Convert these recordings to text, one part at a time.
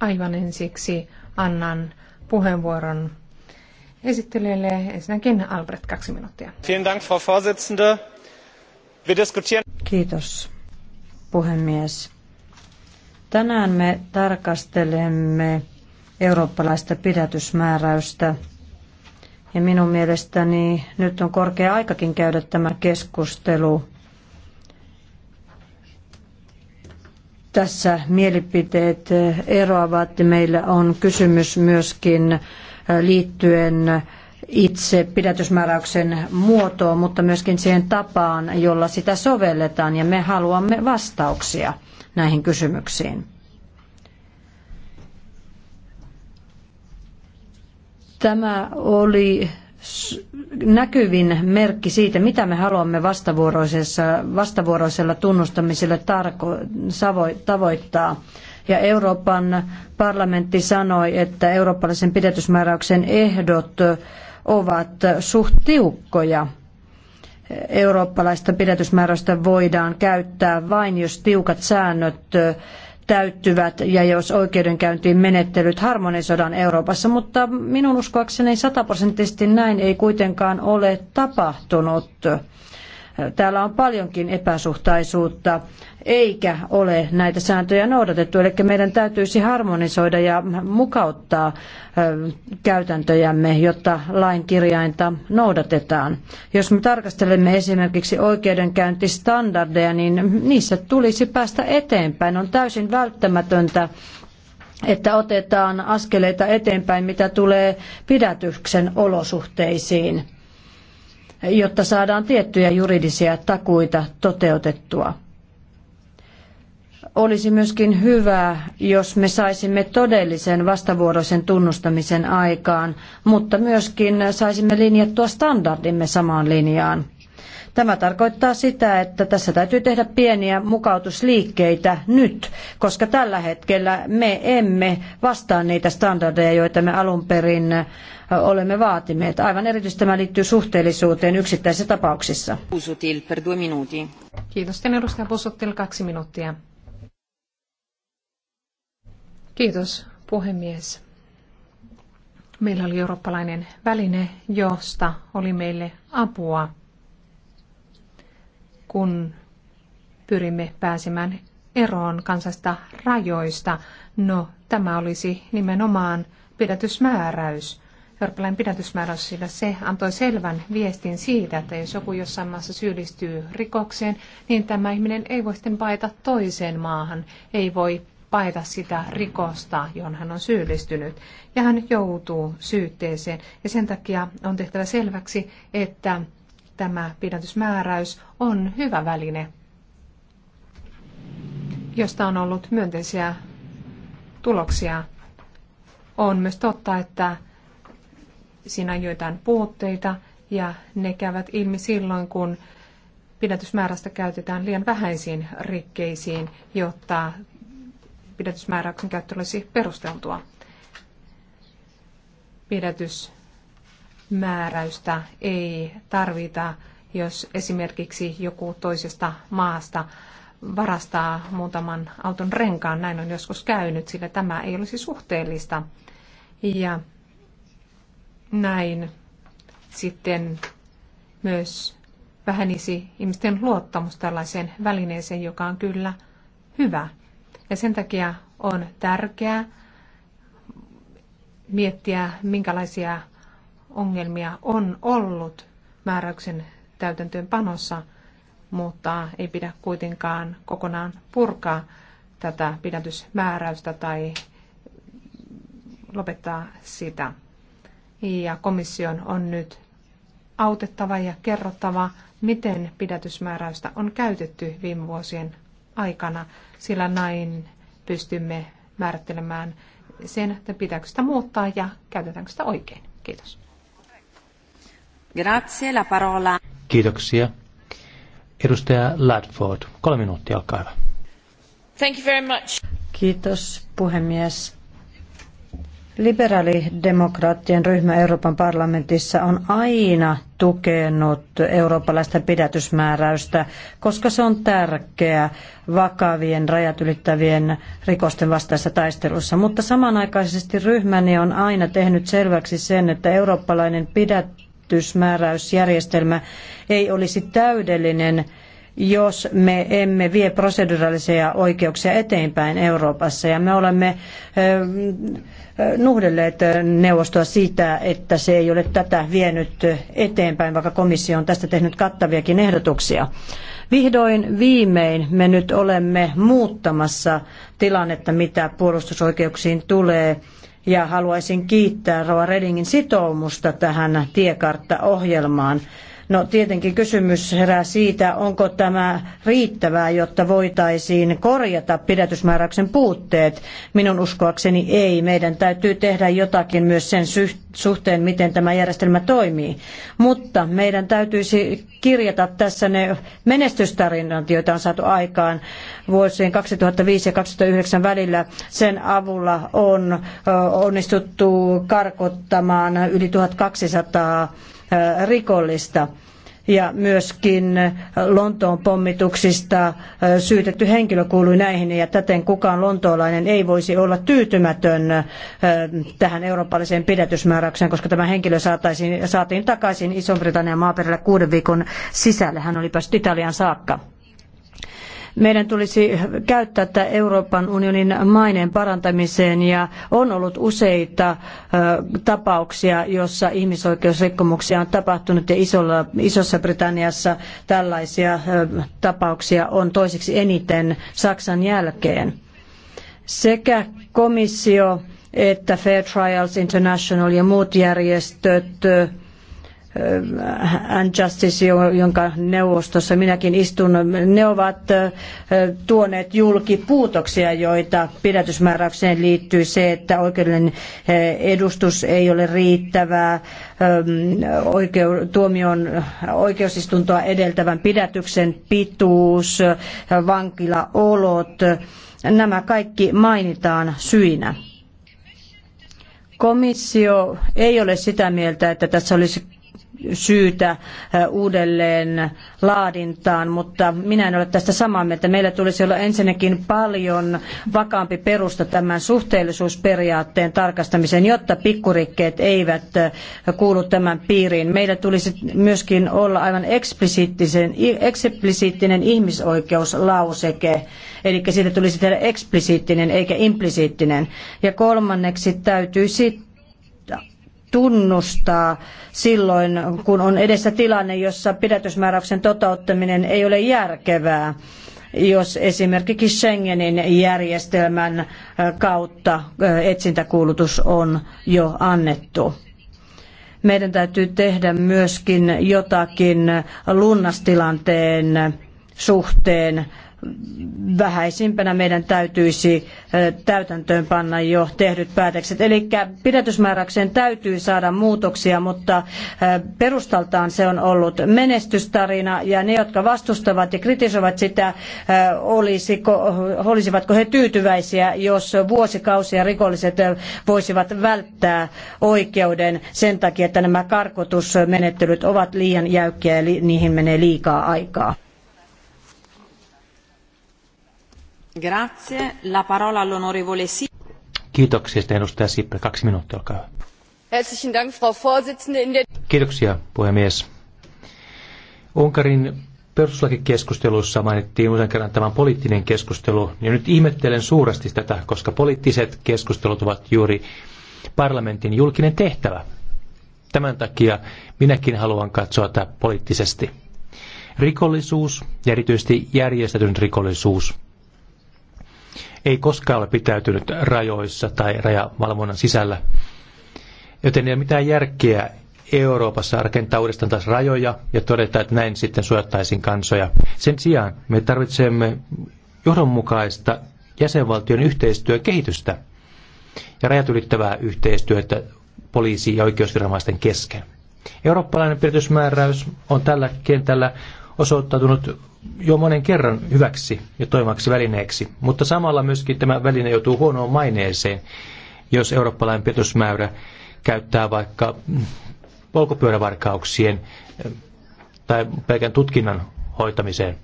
Aivan ensiksi annan puheenvuoron esittelijälle ensinnäkin Albrecht kaksi minuuttia. Kiitos puhemies. Tänään me tarkastelemme eurooppalaista pidätysmääräystä ja minun mielestäni nyt on korkea aikakin käydä tämä keskustelu tässä mielipiteet eroavat. Meillä on kysymys myöskin äh, liittyen itse pidätysmääräyksen muotoon, mutta myöskin siihen tapaan, jolla sitä sovelletaan, ja me haluamme vastauksia näihin kysymyksiin. Tämä oli näkyvin merkki siitä, mitä me haluamme vastavuoroisella tunnustamisella tarko- tavoittaa. Ja Euroopan parlamentti sanoi, että eurooppalaisen pidätysmääräyksen ehdot ovat suht tiukkoja. Eurooppalaista pidätysmääräystä voidaan käyttää vain, jos tiukat säännöt täyttyvät ja jos oikeudenkäyntiin menettelyt harmonisoidaan Euroopassa, mutta minun uskoakseni sataprosenttisesti näin ei kuitenkaan ole tapahtunut. Täällä on paljonkin epäsuhtaisuutta, eikä ole näitä sääntöjä noudatettu. Eli meidän täytyisi harmonisoida ja mukauttaa käytäntöjämme, jotta lain kirjainta noudatetaan. Jos me tarkastelemme esimerkiksi oikeudenkäyntistandardeja, niin niissä tulisi päästä eteenpäin. On täysin välttämätöntä että otetaan askeleita eteenpäin, mitä tulee pidätyksen olosuhteisiin jotta saadaan tiettyjä juridisia takuita toteutettua. Olisi myöskin hyvä, jos me saisimme todellisen vastavuoroisen tunnustamisen aikaan, mutta myöskin saisimme linjattua standardimme samaan linjaan. Tämä tarkoittaa sitä, että tässä täytyy tehdä pieniä mukautusliikkeitä nyt, koska tällä hetkellä me emme vastaa niitä standardeja, joita me alun perin olemme vaatineet. Aivan erityisesti tämä liittyy suhteellisuuteen yksittäisissä tapauksissa. per Kiitos. Sitten edustaja Pusutil kaksi minuuttia. Kiitos puhemies. Meillä oli eurooppalainen väline, josta oli meille apua kun pyrimme pääsemään eroon kansasta rajoista. No, tämä olisi nimenomaan pidätysmääräys, eurooppalainen pidätysmääräys, sillä se antoi selvän viestin siitä, että jos joku jossain maassa syyllistyy rikokseen, niin tämä ihminen ei voi sitten paeta toiseen maahan, ei voi paeta sitä rikosta, johon hän on syyllistynyt, ja hän joutuu syytteeseen. Ja sen takia on tehtävä selväksi, että tämä pidätysmääräys on hyvä väline, josta on ollut myönteisiä tuloksia. On myös totta, että siinä on joitain puutteita ja ne käyvät ilmi silloin, kun pidätysmäärästä käytetään liian vähäisiin rikkeisiin, jotta pidätysmääräyksen käyttö olisi perusteltua. Pidätys määräystä ei tarvita, jos esimerkiksi joku toisesta maasta varastaa muutaman auton renkaan. Näin on joskus käynyt, sillä tämä ei olisi suhteellista. Ja näin sitten myös vähenisi ihmisten luottamus tällaiseen välineeseen, joka on kyllä hyvä. Ja sen takia on tärkeää miettiä, minkälaisia ongelmia on ollut määräyksen täytäntöönpanossa, mutta ei pidä kuitenkaan kokonaan purkaa tätä pidätysmääräystä tai lopettaa sitä. Ja komission on nyt autettava ja kerrottava, miten pidätysmääräystä on käytetty viime vuosien aikana, sillä näin pystymme määrittelemään sen, että pitääkö sitä muuttaa ja käytetäänkö sitä oikein. Kiitos. Grazie, la parola. Kiitoksia. Edustaja Ladford, kolme minuuttia, olkaa hyvä. Thank you very much. Kiitos, puhemies. Liberaalidemokraattien ryhmä Euroopan parlamentissa on aina tukenut eurooppalaista pidätysmääräystä, koska se on tärkeä vakavien rajat ylittävien rikosten vastaisessa taistelussa. Mutta samanaikaisesti ryhmäni on aina tehnyt selväksi sen, että eurooppalainen pidät, pidätysmääräysjärjestelmä ei olisi täydellinen, jos me emme vie proseduraalisia oikeuksia eteenpäin Euroopassa. Ja me olemme nuhdelleet neuvostoa siitä, että se ei ole tätä vienyt eteenpäin, vaikka komissio on tästä tehnyt kattaviakin ehdotuksia. Vihdoin viimein me nyt olemme muuttamassa tilannetta, mitä puolustusoikeuksiin tulee ja haluaisin kiittää Roa Redingin sitoumusta tähän tiekarttaohjelmaan. ohjelmaan No tietenkin kysymys herää siitä, onko tämä riittävää, jotta voitaisiin korjata pidätysmääräyksen puutteet. Minun uskoakseni ei. Meidän täytyy tehdä jotakin myös sen suhteen, miten tämä järjestelmä toimii. Mutta meidän täytyisi kirjata tässä ne menestystarinat, joita on saatu aikaan vuosien 2005 ja 2009 välillä. Sen avulla on onnistuttu karkottamaan yli 1200 rikollista ja myöskin Lontoon pommituksista syytetty henkilö kuului näihin ja täten kukaan lontoolainen ei voisi olla tyytymätön tähän eurooppalaiseen pidätysmääräykseen, koska tämä henkilö saatiin takaisin Iso-Britannian maaperällä kuuden viikon sisällä. Hän oli päässyt Italian saakka. Meidän tulisi käyttää tätä Euroopan unionin maineen parantamiseen ja on ollut useita tapauksia, joissa ihmisoikeusrikkomuksia on tapahtunut ja isolla, isossa Britanniassa tällaisia tapauksia on toiseksi eniten Saksan jälkeen. Sekä komissio että Fair Trials International ja muut järjestöt and Justice, jonka neuvostossa minäkin istun, ne ovat tuoneet julki puutoksia, joita pidätysmääräykseen liittyy se, että oikeudellinen edustus ei ole riittävää, oikeu, tuomion oikeusistuntoa edeltävän pidätyksen pituus, vankilaolot, nämä kaikki mainitaan syinä komissio ei ole sitä mieltä, että tässä olisi syytä uudelleen laadintaan, mutta minä en ole tästä samaa mieltä. Meillä tulisi olla ensinnäkin paljon vakaampi perusta tämän suhteellisuusperiaatteen tarkastamiseen, jotta pikkurikkeet eivät kuulu tämän piiriin. Meillä tulisi myöskin olla aivan eksplisiittinen ihmisoikeuslauseke, eli siitä tulisi tehdä eksplisiittinen eikä implisiittinen. Ja kolmanneksi täytyisi tunnustaa silloin, kun on edessä tilanne, jossa pidätysmääräyksen toteuttaminen ei ole järkevää jos esimerkiksi Schengenin järjestelmän äh, kautta äh, etsintäkuulutus on jo annettu. Meidän täytyy tehdä myöskin jotakin lunnastilanteen suhteen vähäisimpänä meidän täytyisi täytäntöönpanna jo tehdyt päätökset. Eli pidätysmääräykseen täytyy saada muutoksia, mutta perustaltaan se on ollut menestystarina ja ne, jotka vastustavat ja kritisoivat sitä, olisiko, olisivatko he tyytyväisiä, jos vuosikausia rikolliset voisivat välttää oikeuden sen takia, että nämä karkotusmenettelyt ovat liian jäykkiä eli niihin menee liikaa aikaa. Kiitoksia, sitten edustaja Sippe. Kaksi minuuttia, olkaa hyvä. Kiitoksia, puhemies. Unkarin perustuslakikeskustelussa mainittiin usein kerran tämä poliittinen keskustelu, ja nyt ihmettelen suuresti tätä, koska poliittiset keskustelut ovat juuri parlamentin julkinen tehtävä. Tämän takia minäkin haluan katsoa tätä poliittisesti. Rikollisuus, ja erityisesti järjestetynyt rikollisuus, ei koskaan ole pitäytynyt rajoissa tai rajavalvonnan sisällä. Joten ei ole mitään järkeä Euroopassa rakentaa uudestaan taas rajoja ja todeta, että näin sitten suojattaisiin kansoja. Sen sijaan me tarvitsemme johdonmukaista jäsenvaltion yhteistyökehitystä ja rajat ylittävää yhteistyötä poliisi- ja oikeusviranomaisten kesken. Eurooppalainen pidätysmääräys on tällä kentällä osoittautunut jo monen kerran hyväksi ja toimivaksi välineeksi, mutta samalla myöskin tämä väline joutuu huonoon maineeseen, jos eurooppalainen petosmäärä käyttää vaikka polkupyörävarkauksien eh, tai pelkän tutkinnan hoitamiseen.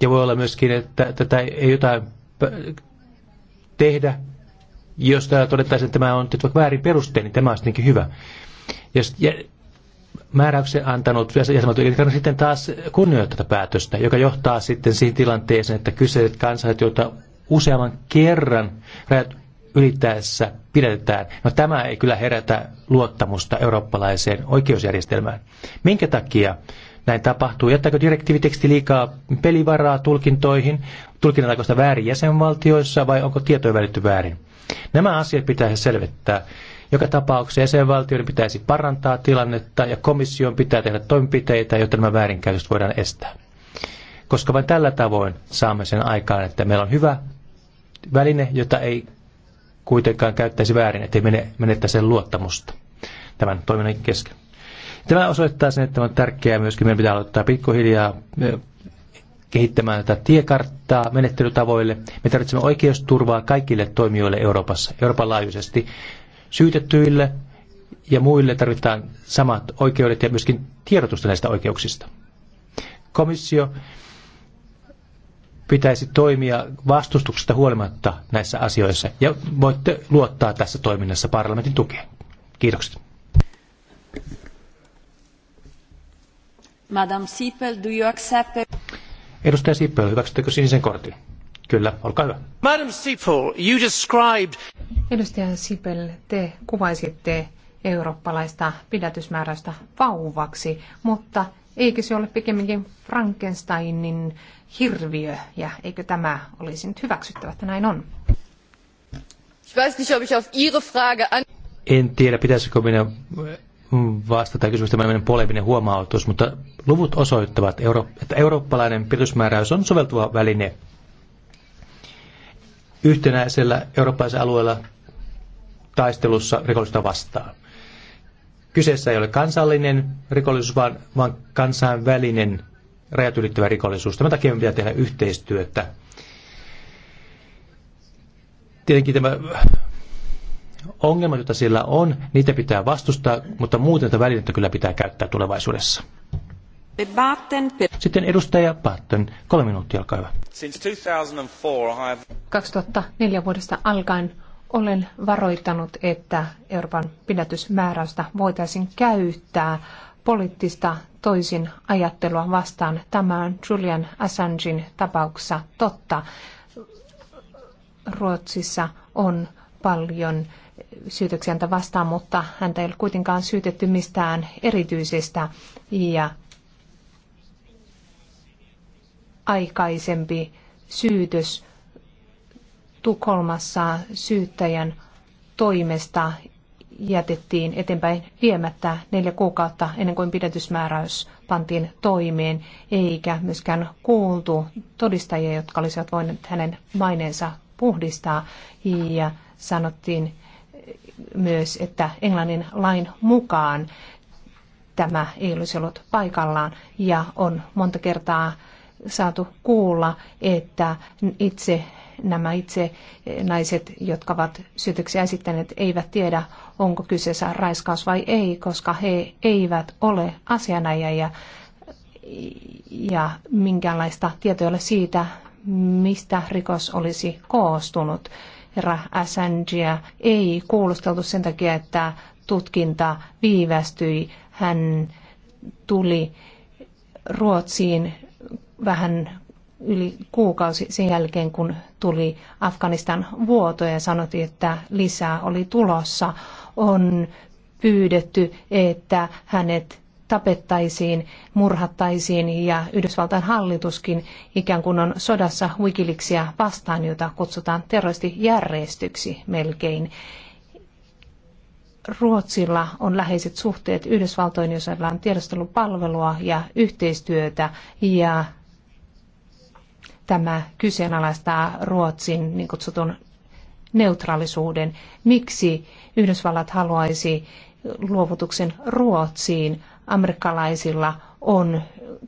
Ja voi olla myöskin, että tätä ei jotain tehdä, jos täällä todettaisiin, että tämä on vaikka väärin perusteen, niin tämä on hyvä. Ja määräyksen antanut jäsenvaltio sitten taas kunnioittaa tätä päätöstä, joka johtaa sitten siihen tilanteeseen, että kyseiset kansalaiset, joita useamman kerran rajat ylittäessä pidetään. No tämä ei kyllä herätä luottamusta eurooppalaiseen oikeusjärjestelmään. Minkä takia näin tapahtuu? Jättääkö direktiiviteksti liikaa pelivaraa tulkintoihin? Tulkinnanlaikoista väärin jäsenvaltioissa vai onko tietoja välitty väärin? Nämä asiat pitäisi selvittää. Joka tapauksessa jäsenvaltioiden pitäisi parantaa tilannetta ja komission pitää tehdä toimenpiteitä, jotta nämä väärinkäytökset voidaan estää. Koska vain tällä tavoin saamme sen aikaan, että meillä on hyvä väline, jota ei kuitenkaan käyttäisi väärin, ettei menettä sen luottamusta tämän toiminnan kesken. Tämä osoittaa sen, että on tärkeää myöskin, meidän pitää aloittaa pikkuhiljaa kehittämään tätä tiekarttaa menettelytavoille. Me tarvitsemme oikeusturvaa kaikille toimijoille Euroopassa, Euroopan laajuisesti, Syytettyille ja muille tarvitaan samat oikeudet ja myöskin tiedotusta näistä oikeuksista. Komissio pitäisi toimia vastustuksesta huolimatta näissä asioissa ja voitte luottaa tässä toiminnassa parlamentin tukeen. Kiitokset. Madam Sipel, do you accept it? Edustaja Sipel, hyväksyttekö sinisen kortin? Kyllä, olkaa hyvä. Madam Sipel, you described... Edustaja Sipel, te kuvaisitte eurooppalaista pidätysmääräystä vauvaksi, mutta eikö se ole pikemminkin Frankensteinin hirviö ja eikö tämä olisi nyt hyväksyttävä, että näin on? En tiedä, pitäisikö minä mm, vastata kysymystä tämmöinen poleminen huomautus, mutta luvut osoittavat, että eurooppalainen pidätysmääräys on soveltuva väline yhtenäisellä eurooppalaisella alueella taistelussa rikollista vastaan. Kyseessä ei ole kansallinen rikollisuus, vaan, vaan kansainvälinen rajat ylittävä rikollisuus. Tämän takia me pitää tehdä yhteistyötä. Tietenkin tämä ongelma jota sillä on, niitä pitää vastustaa, mutta muuten tätä välinettä kyllä pitää käyttää tulevaisuudessa. Sitten edustaja Patton kolme minuuttia, olkaa hyvä. 2004 vuodesta alkaen olen varoittanut, että Euroopan pidätysmääräystä voitaisiin käyttää poliittista toisin ajattelua vastaan. Tämä on Julian Assangein tapauksessa totta. Ruotsissa on paljon syytöksiä häntä vastaan, mutta häntä ei ole kuitenkaan syytetty mistään erityisestä. Ja aikaisempi syytös Tukholmassa syyttäjän toimesta jätettiin eteenpäin viemättä neljä kuukautta ennen kuin pidätysmääräys pantiin toimeen, eikä myöskään kuultu todistajia, jotka olisivat voineet hänen maineensa puhdistaa. Ja sanottiin myös, että Englannin lain mukaan tämä ei olisi ollut paikallaan ja on monta kertaa saatu kuulla, että itse nämä itse eh, naiset, jotka ovat syytöksiä esittäneet, eivät tiedä, onko kyseessä raiskaus vai ei, koska he eivät ole asianajajia ja minkäänlaista tietoa ole siitä, mistä rikos olisi koostunut. Herra Assangea ei kuulusteltu sen takia, että tutkinta viivästyi. Hän tuli Ruotsiin vähän yli kuukausi sen jälkeen, kun tuli Afganistan vuoto ja sanottiin, että lisää oli tulossa, on pyydetty, että hänet tapettaisiin, murhattaisiin ja Yhdysvaltain hallituskin ikään kuin on sodassa Wikileaksia vastaan, jota kutsutaan terroristijärjestöksi melkein. Ruotsilla on läheiset suhteet Yhdysvaltoihin, jossa on tiedustelupalvelua ja yhteistyötä ja tämä kyseenalaistaa Ruotsin niin kutsutun neutraalisuuden. Miksi Yhdysvallat haluaisi luovutuksen Ruotsiin? Amerikkalaisilla on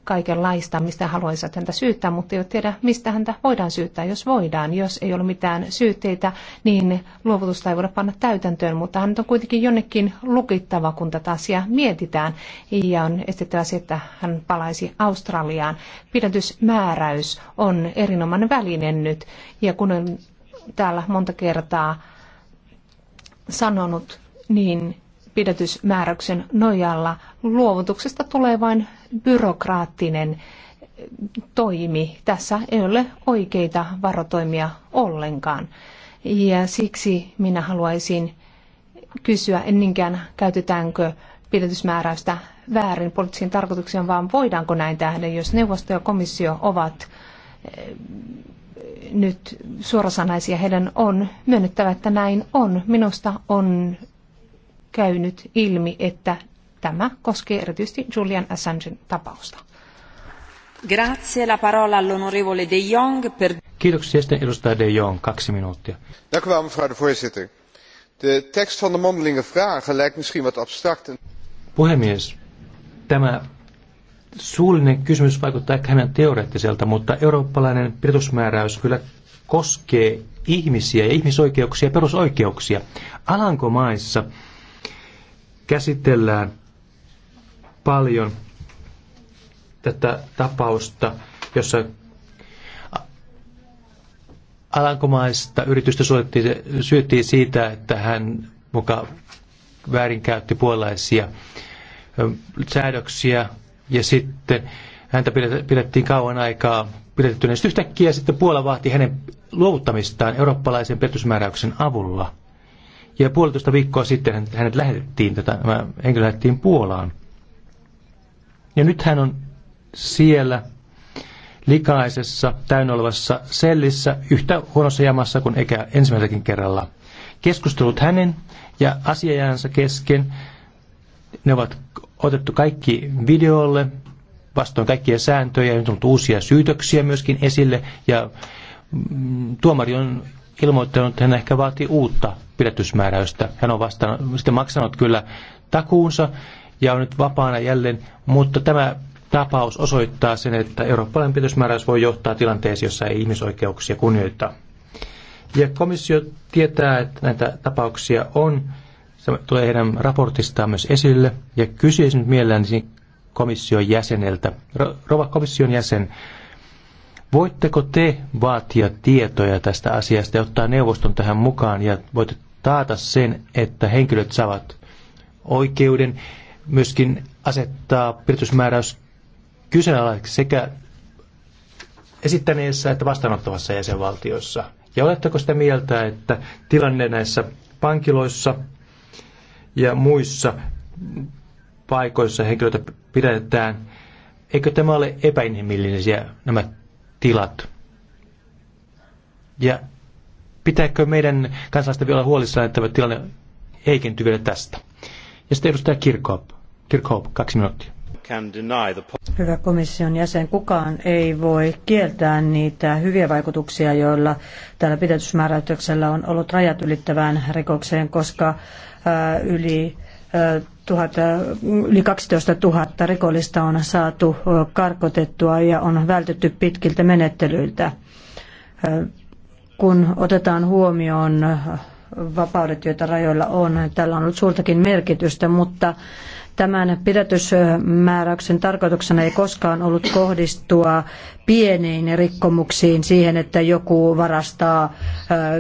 kaikenlaista, mistä haluaisit häntä syyttää, mutta ei ole tiedä, mistä häntä voidaan syyttää, jos voidaan. Jos ei ole mitään syytteitä, niin luovutusta ei voida panna täytäntöön, mutta hän on kuitenkin jonnekin lukittava, kun tätä asiaa mietitään, ja on estettävä se, että hän palaisi Australiaan. Pidätysmääräys on erinomainen väline nyt, ja kun on täällä monta kertaa sanonut, niin pidätysmääräyksen nojalla luovutuksesta tulee vain byrokraattinen toimi. Tässä ei ole oikeita varotoimia ollenkaan. Ja siksi minä haluaisin kysyä, en niinkään käytetäänkö pidätysmääräystä väärin poliittisiin tarkoituksiin, vaan voidaanko näin tehdä, jos neuvosto ja komissio ovat eh, nyt suorasanaisia, heidän on myönnettävä, että näin on. Minusta on käynyt ilmi, että Tämä koskee erityisesti Julian Assangen tapausta. Grazie la parola all'onorevole De Jong per... Kiitoksia sitten edustaja De Jong, kaksi minuuttia. Dank u wel, mevrouw de voorzitter. De tekst van de mondelinge vragen lijkt misschien wat abstract. Puhemies, tämä suullinen kysymys vaikuttaa ehkä hänen teoreettiselta, mutta eurooppalainen perusmääräys kyllä koskee ihmisiä ja ihmisoikeuksia ja perusoikeuksia. Alankomaissa käsitellään paljon tätä tapausta, jossa alankomaista yritystä syöttiin siitä, että hän muka väärinkäytti puolaisia säädöksiä ja sitten häntä pidettiin kauan aikaa pidetettynä. Sitten yhtäkkiä sitten Puola vaati hänen luovuttamistaan eurooppalaisen petysmääräyksen avulla. Ja puolitoista viikkoa sitten hänet lähetettiin, tätä, henkilö lähetettiin Puolaan. Ja nyt hän on siellä likaisessa, täynnä olevassa sellissä yhtä huonossa jamassa kuin eikä ensimmäiselläkin kerralla. Keskustelut hänen ja asiajansa kesken, ne ovat otettu kaikki videolle vastoin kaikkia sääntöjä ja nyt on uusia syytöksiä myöskin esille ja mm, tuomari on ilmoittanut, että hän ehkä vaatii uutta pidätysmääräystä. Hän on vastaan, sitten maksanut kyllä takuunsa ja on nyt vapaana jälleen, mutta tämä tapaus osoittaa sen, että eurooppalainen pitäysmääräys voi johtaa tilanteeseen, jossa ei ihmisoikeuksia kunnioita. Ja komissio tietää, että näitä tapauksia on. Se tulee heidän raportistaan myös esille. Ja kysyisin nyt mielelläni komission jäseneltä. Rova komission jäsen, voitteko te vaatia tietoja tästä asiasta ja ottaa neuvoston tähän mukaan ja voitte taata sen, että henkilöt saavat oikeuden myöskin asettaa piritysmääräys kyseenalaiseksi sekä esittäneessä että vastaanottavassa jäsenvaltiossa. Ja oletteko sitä mieltä, että tilanne näissä pankiloissa ja muissa paikoissa henkilöitä pidetään, eikö tämä ole epäinhimillisiä nämä tilat? Ja pitääkö meidän kansalaisten vielä huolissaan, että tämä tilanne heikentyy vielä tästä? Ja sitten edustaja Kirkhoop. Kirkhoop, kaksi minuuttia. Hyvä komission jäsen, kukaan ei voi kieltää niitä hyviä vaikutuksia, joilla tällä pidätysmääräyksellä on ollut rajat ylittävään rikokseen, koska äh, yli, äh, tuhat, äh, yli 12 000 rikollista on saatu karkotettua ja on vältytty pitkiltä menettelyiltä. Kun otetaan huomioon vapaudet, joita rajoilla on. Tällä on ollut suurtakin merkitystä, mutta tämän pidätysmääräyksen tarkoituksena ei koskaan ollut kohdistua pieniin rikkomuksiin siihen, että joku varastaa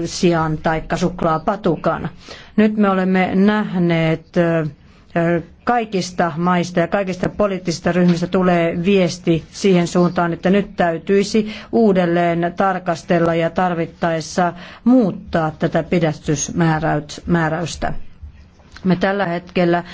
sian tai suklaapatukan. Nyt me olemme nähneet kaikista maista ja kaikista poliittisista ryhmistä tulee viesti siihen suuntaan, että nyt täytyisi uudelleen tarkastella ja tarvittaessa muuttaa tätä pidätysmääräystä. Me tällä hetkellä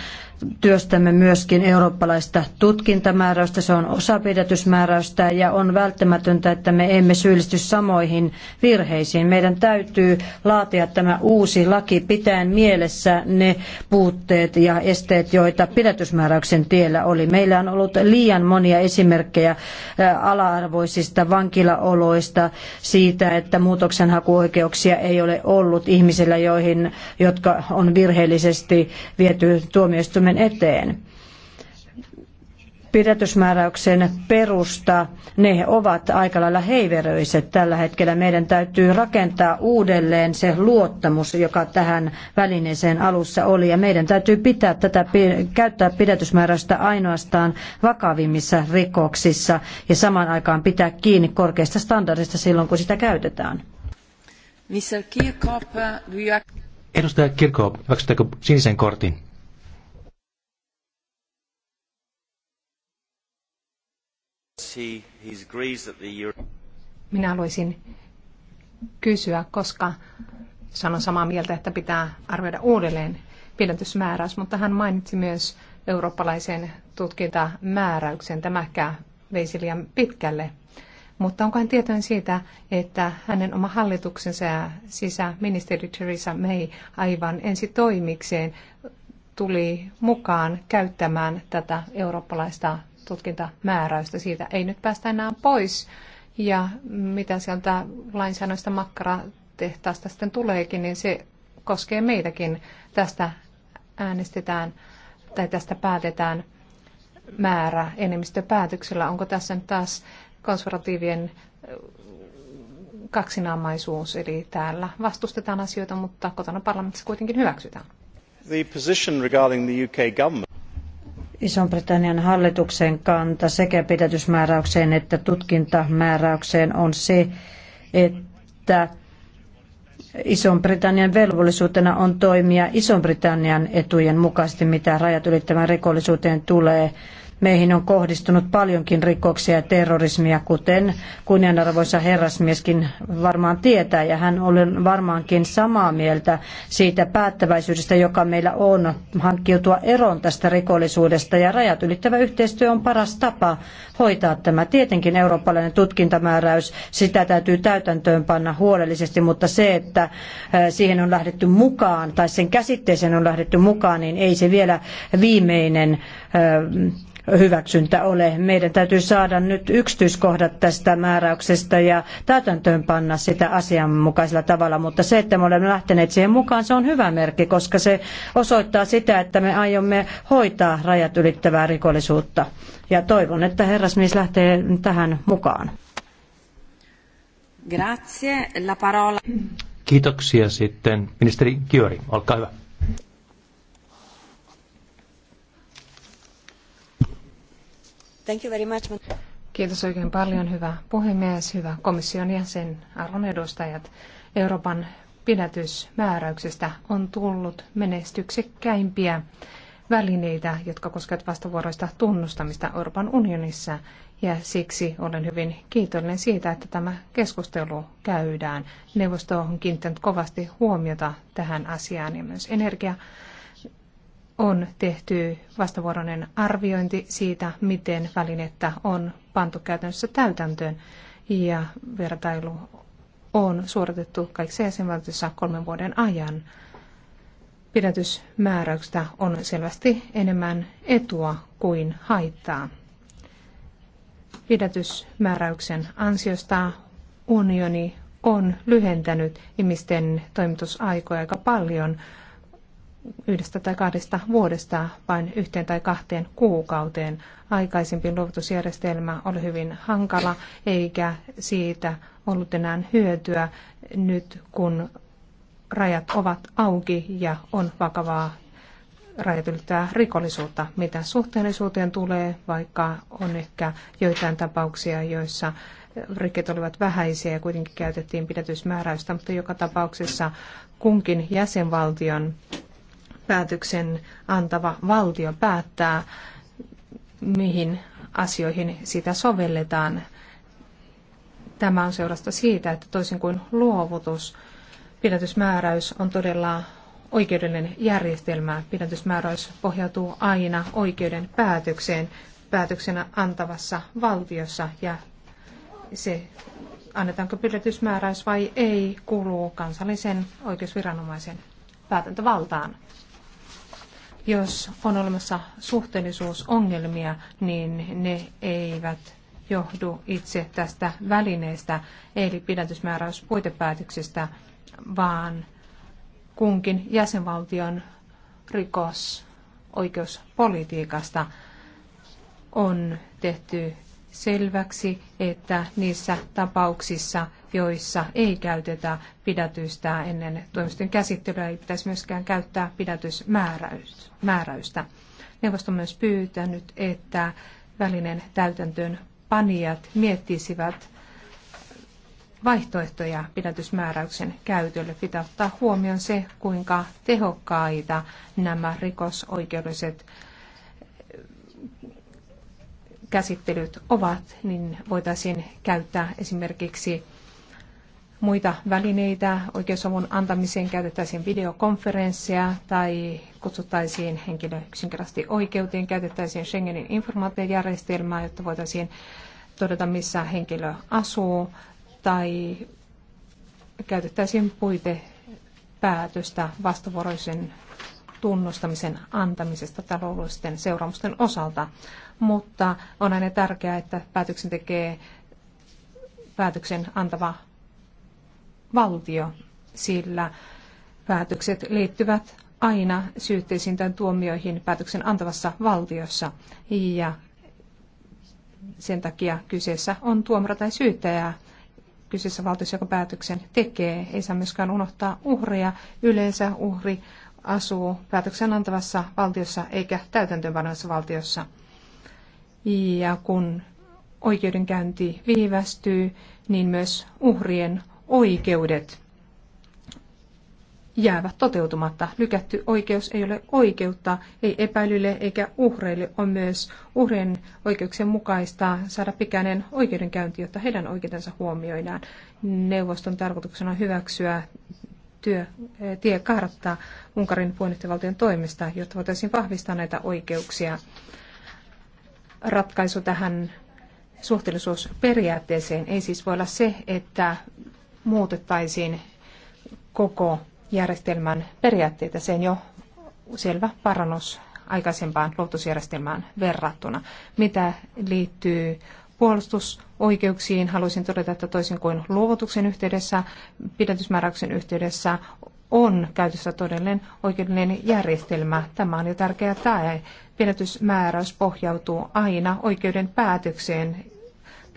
työstämme myöskin eurooppalaista tutkintamääräystä, se on osapidätysmääräystä ja on välttämätöntä, että me emme syyllisty samoihin virheisiin. Meidän täytyy laatia tämä uusi laki pitäen mielessä ne puutteet ja esteet, joita pidätysmääräyksen tiellä oli. Meillä on ollut liian monia esimerkkejä äh, ala-arvoisista vankilaoloista siitä, että muutoksenhakuoikeuksia ei ole ollut ihmisillä, joihin, jotka on virheellisesti viety tuomioistuimeen Suomen eteen. Pidätysmääräyksen perusta, ne ovat aika lailla heiveröiset tällä hetkellä. Meidän täytyy rakentaa uudelleen se luottamus, joka tähän välineeseen alussa oli. Ja meidän täytyy pitää tätä, käyttää pidätysmääräystä ainoastaan vakavimmissa rikoksissa ja samaan aikaan pitää kiinni korkeasta standardista silloin, kun sitä käytetään. Edustaja Kirkko, hyväksyttekö sinisen kortin? Minä haluaisin kysyä, koska sanon samaa mieltä, että pitää arvioida uudelleen pidätysmääräys, mutta hän mainitsi myös eurooppalaisen tutkintamääräyksen. Tämä ehkä veisi liian pitkälle. Mutta onko hän tietoinen siitä, että hänen oma hallituksensa ja sisäministeri Theresa May aivan ensi toimikseen tuli mukaan käyttämään tätä eurooppalaista tutkintamääräystä. Siitä ei nyt päästä enää pois. Ja mitä sieltä lainsäädännöstä makkaratehtaasta sitten tuleekin, niin se koskee meitäkin. Tästä äänestetään tai tästä päätetään määrä enemmistöpäätöksellä. Onko tässä nyt taas konservatiivien kaksinaamaisuus, eli täällä vastustetaan asioita, mutta kotona parlamentissa kuitenkin hyväksytään. The position regarding the UK government. Ison-Britannian hallituksen kanta sekä pidätysmääräykseen että tutkintamääräykseen on se, että Ison-Britannian velvollisuutena on toimia Ison-Britannian etujen mukaisesti, mitä rajat ylittävän rikollisuuteen tulee. Meihin on kohdistunut paljonkin rikoksia ja terrorismia, kuten kunnianarvoisa herrasmieskin varmaan tietää, ja hän on varmaankin samaa mieltä siitä päättäväisyydestä, joka meillä on hankkiutua eroon tästä rikollisuudesta, ja rajat ylittävä yhteistyö on paras tapa hoitaa tämä. Tietenkin eurooppalainen tutkintamääräys, sitä täytyy täytäntöön panna huolellisesti, mutta se, että äh, siihen on lähdetty mukaan, tai sen käsitteeseen on lähdetty mukaan, niin ei se vielä viimeinen äh, hyväksyntä ole. Meidän täytyy saada nyt yksityiskohdat tästä määräyksestä ja täytäntöönpanna sitä asianmukaisella tavalla, mutta se, että me olemme lähteneet siihen mukaan, se on hyvä merkki, koska se osoittaa sitä, että me aiomme hoitaa rajat ylittävää rikollisuutta. Ja toivon, että herrasmies lähtee tähän mukaan. Grazie. La parola. Kiitoksia sitten. Ministeri Kiori, olkaa hyvä. Thank you very much. Kiitos oikein paljon, hyvä puhemies, hyvä komission jäsen, arvon edustajat. Euroopan pidätysmääräyksistä on tullut menestyksekkäimpiä välineitä, jotka koskevat vastavuoroista tunnustamista Euroopan unionissa. Ja siksi olen hyvin kiitollinen siitä, että tämä keskustelu käydään. Neuvosto on kiinnittänyt kovasti huomiota tähän asiaan ja myös energia on tehty vastavuoroinen arviointi siitä, miten välinettä on pantu käytännössä täytäntöön ja vertailu on suoritettu kaikissa jäsenvaltioissa kolmen vuoden ajan. Pidätysmääräyksestä on selvästi enemmän etua kuin haittaa. Pidätysmääräyksen ansiosta unioni on lyhentänyt ihmisten toimitusaikoja aika paljon yhdestä tai kahdesta vuodesta vain yhteen tai kahteen kuukauteen. Aikaisempi luovutusjärjestelmä oli hyvin hankala, eikä siitä ollut enää hyötyä nyt, kun rajat ovat auki ja on vakavaa rajat rikollisuutta. Mitä suhteellisuuteen tulee, vaikka on ehkä joitain tapauksia, joissa rikket olivat vähäisiä ja kuitenkin käytettiin pidätysmääräystä, mutta joka tapauksessa kunkin jäsenvaltion päätöksen antava valtio päättää, mihin asioihin sitä sovelletaan. Tämä on seurasta siitä, että toisin kuin luovutus, pidätysmääräys on todella oikeudellinen järjestelmä. Pidätysmääräys pohjautuu aina oikeuden päätökseen päätöksenä antavassa valtiossa ja se annetaanko pidätysmääräys vai ei, kuuluu kansallisen oikeusviranomaisen päätäntövaltaan. Jos on olemassa suhteellisuusongelmia, niin ne eivät johdu itse tästä välineestä, eli pidätysmääräyspuitepäätöksestä, vaan kunkin jäsenvaltion rikosoikeuspolitiikasta on tehty selväksi, että niissä tapauksissa – joissa ei käytetä pidätystä ennen toimiston käsittelyä, ei pitäisi myöskään käyttää pidätysmääräystä. Neuvosto on myös pyytänyt, että välinen täytäntöön panijat miettisivät vaihtoehtoja pidätysmääräyksen käytölle. Pitää ottaa huomioon se, kuinka tehokkaita nämä rikosoikeudelliset käsittelyt ovat, niin voitaisiin käyttää esimerkiksi muita välineitä. Oikeusavun antamiseen käytettäisiin videokonferensseja tai kutsuttaisiin henkilö yksinkertaisesti oikeuteen, käytettäisiin Schengenin informaatiojärjestelmää, jotta voitaisiin todeta, missä henkilö asuu, tai käytettäisiin puitepäätöstä vastavuoroisen tunnustamisen antamisesta taloudellisten seuraamusten osalta. Mutta on aina tärkeää, että päätöksen tekee päätöksen antava valtio, sillä päätökset liittyvät aina syytteisiin tai tuomioihin päätöksen antavassa valtiossa. Ja sen takia kyseessä on tuomara tai syyttäjä kyseessä valtiossa, joka päätöksen tekee. Ei saa myöskään unohtaa uhria. Yleensä uhri asuu päätöksen antavassa valtiossa eikä täytäntöönpanoissa valtiossa. Ja kun oikeudenkäynti viivästyy, niin myös uhrien oikeudet jäävät toteutumatta. Lykätty oikeus ei ole oikeutta, ei epäilylle eikä uhreille. On myös uhrien oikeuksien mukaista saada pikäinen oikeudenkäynti, jotta heidän oikeutensa huomioidaan. Neuvoston tarkoituksena on hyväksyä työ, eh, tie kahdattaa Unkarin puolustusvaltion toimesta, jotta voitaisiin vahvistaa näitä oikeuksia. Ratkaisu tähän suhteellisuusperiaatteeseen ei siis voi olla se, että muutettaisiin koko järjestelmän periaatteita. Se on jo selvä parannus aikaisempaan luottosjärjestelmään verrattuna. Mitä liittyy puolustusoikeuksiin, haluaisin todeta, että toisin kuin luovutuksen yhteydessä, pidätysmääräyksen yhteydessä on käytössä todellinen oikeudellinen järjestelmä. Tämä on jo tärkeä tae. Pidätysmääräys pohjautuu aina oikeuden päätökseen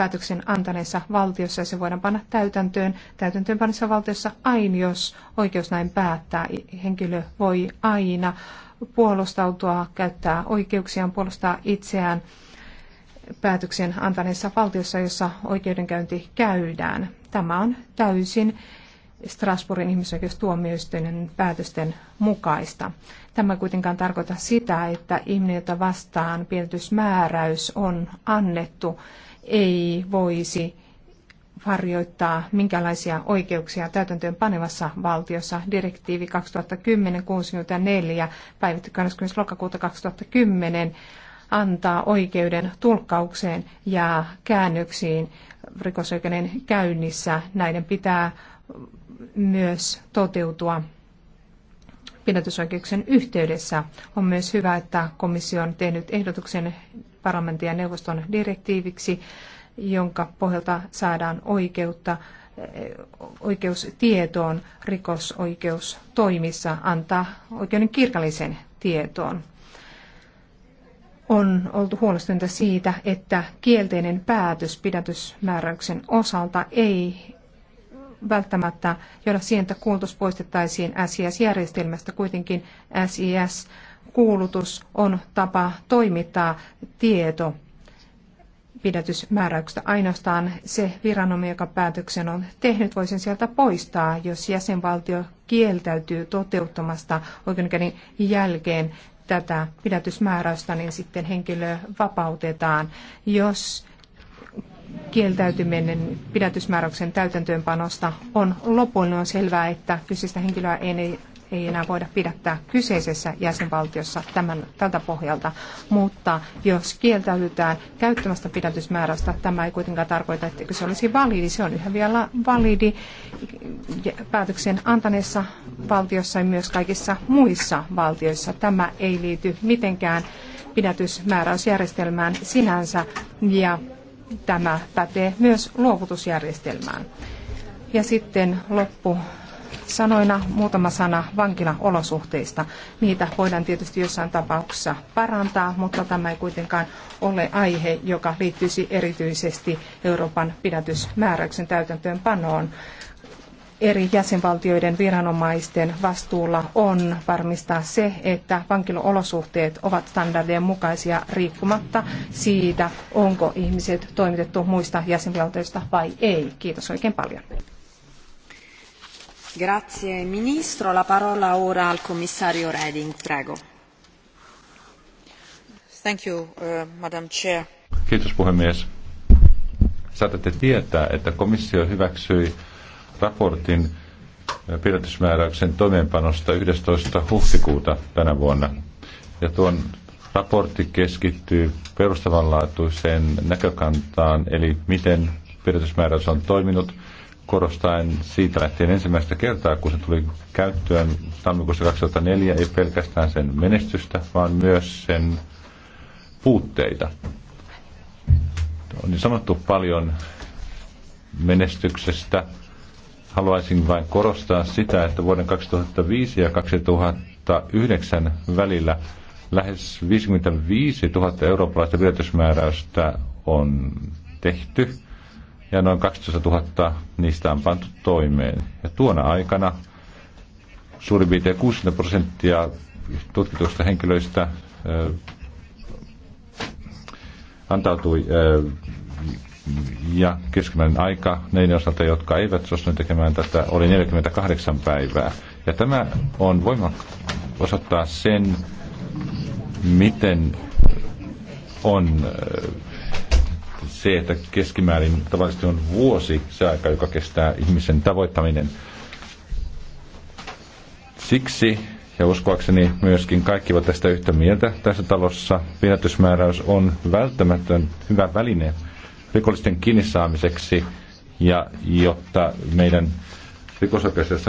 päätöksen antaneessa valtiossa ja se voidaan panna täytäntöön täytäntöönpanissa valtiossa aina, jos oikeus näin päättää. Henkilö voi aina puolustautua, käyttää oikeuksiaan, puolustaa itseään päätöksen antaneessa valtiossa, jossa oikeudenkäynti käydään. Tämä on täysin Strasbourgin ihmisoikeustuomioistuimen päätösten mukaista. Tämä kuitenkaan tarkoita sitä, että ihminen, jota vastaan pienetysmääräys on annettu, ei voisi harjoittaa minkälaisia oikeuksia täytäntöön panevassa valtiossa. Direktiivi 2010-64 päivitty 20. lokakuuta 2010 antaa oikeuden tulkkaukseen ja käännöksiin rikosoikeuden käynnissä. Näiden pitää myös toteutua pidätysoikeuksien yhteydessä. On myös hyvä, että komissio on tehnyt ehdotuksen parlamentin ja neuvoston direktiiviksi, jonka pohjalta saadaan oikeutta eh, oikeus tietoon rikosoikeustoimissa antaa oikeuden kirkallisen tietoon. On oltu huolestuneita siitä, että kielteinen päätös pidätysmääräyksen osalta ei välttämättä johda siihen, että kuultus poistettaisiin SIS-järjestelmästä. Kuitenkin SIS kuulutus on tapa toimittaa tieto pidätysmääräyksestä. Ainoastaan se viranomainen, joka päätöksen on tehnyt, voi sen sieltä poistaa, jos jäsenvaltio kieltäytyy toteuttamasta oikeudenkäynnin jälkeen tätä pidätysmääräystä, niin sitten henkilö vapautetaan. Jos kieltäytyminen pidätysmääräyksen täytäntöönpanosta on lopullinen, on selvää, että kyseistä henkilöä ei ei enää voida pidättää kyseisessä jäsenvaltiossa tämän, tältä pohjalta, mutta jos kieltäydytään käyttämästä pidätysmääräystä, tämä ei kuitenkaan tarkoita, että se olisi validi. Se on yhä vielä validi päätöksen antaneessa valtiossa ja myös kaikissa muissa valtioissa. Tämä ei liity mitenkään pidätysmääräysjärjestelmään sinänsä ja tämä pätee myös luovutusjärjestelmään. Ja sitten loppu sanoina muutama sana vankilaolosuhteista. Niitä voidaan tietysti jossain tapauksessa parantaa, mutta tämä ei kuitenkaan ole aihe, joka liittyisi erityisesti Euroopan pidätysmääräyksen täytäntöönpanoon eri jäsenvaltioiden viranomaisten vastuulla on varmistaa se, että vankiloolosuhteet ovat standardien mukaisia riippumatta siitä, onko ihmiset toimitettu muista jäsenvaltioista vai ei. Kiitos oikein paljon. Grazie ministro. La parola ora al commissario Reding, prego. Thank you, uh, Madam Chair. Kiitos puhemies. Saatatte tietää, että komissio hyväksyi raportin uh, pidätysmääräyksen toimeenpanosta 11. huhtikuuta tänä vuonna. Ja tuon raportti keskittyy perustavanlaatuiseen näkökantaan, eli miten pidätysmääräys on toiminut – korostaen siitä lähtien ensimmäistä kertaa, kun se tuli käyttöön tammikuussa 2004, ei pelkästään sen menestystä, vaan myös sen puutteita. On sanottu paljon menestyksestä. Haluaisin vain korostaa sitä, että vuoden 2005 ja 2009 välillä lähes 55 000 eurooppalaista vietysmääräystä on tehty ja noin 12 000 niistä on pantu toimeen. Ja tuona aikana suurin piirtein 60 prosenttia tutkituista henkilöistä äh, antautui äh, ja keskimmäinen aika neiden osalta, jotka eivät suostuneet tekemään tätä, oli 48 päivää. Ja tämä on voimak osoittaa sen, miten on se, että keskimäärin tavallisesti on vuosi se aika, joka kestää ihmisen tavoittaminen. Siksi, ja uskoakseni myöskin kaikki ovat tästä yhtä mieltä tässä talossa, pidätysmääräys on välttämätön hyvä väline rikollisten kiinni saamiseksi ja jotta meidän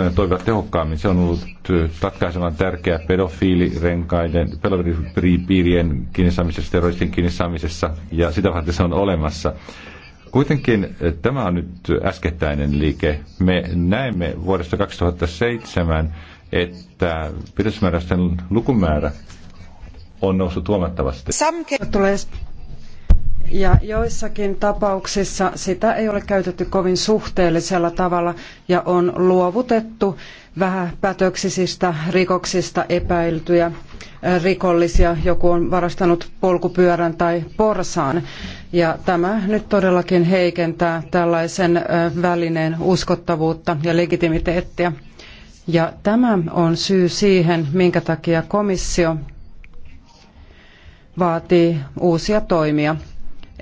ne toimivat tehokkaammin. Se on ollut ratkaisevan tärkeä pedofiilirenkaiden, pedofiilipiirien kiinnisaamisessa, terroristin kiinnisaamisessa ja sitä varten se on olemassa. Kuitenkin tämä on nyt äskettäinen liike. Me näemme vuodesta 2007, että pidesmääräisten lukumäärä on noussut huomattavasti. Some... Ja joissakin tapauksissa sitä ei ole käytetty kovin suhteellisella tavalla ja on luovutettu vähäpätöksisistä rikoksista epäiltyjä äh, rikollisia. Joku on varastanut polkupyörän tai porsaan. Ja tämä nyt todellakin heikentää tällaisen äh, välineen uskottavuutta ja legitimiteettiä. Ja tämä on syy siihen, minkä takia komissio vaatii uusia toimia.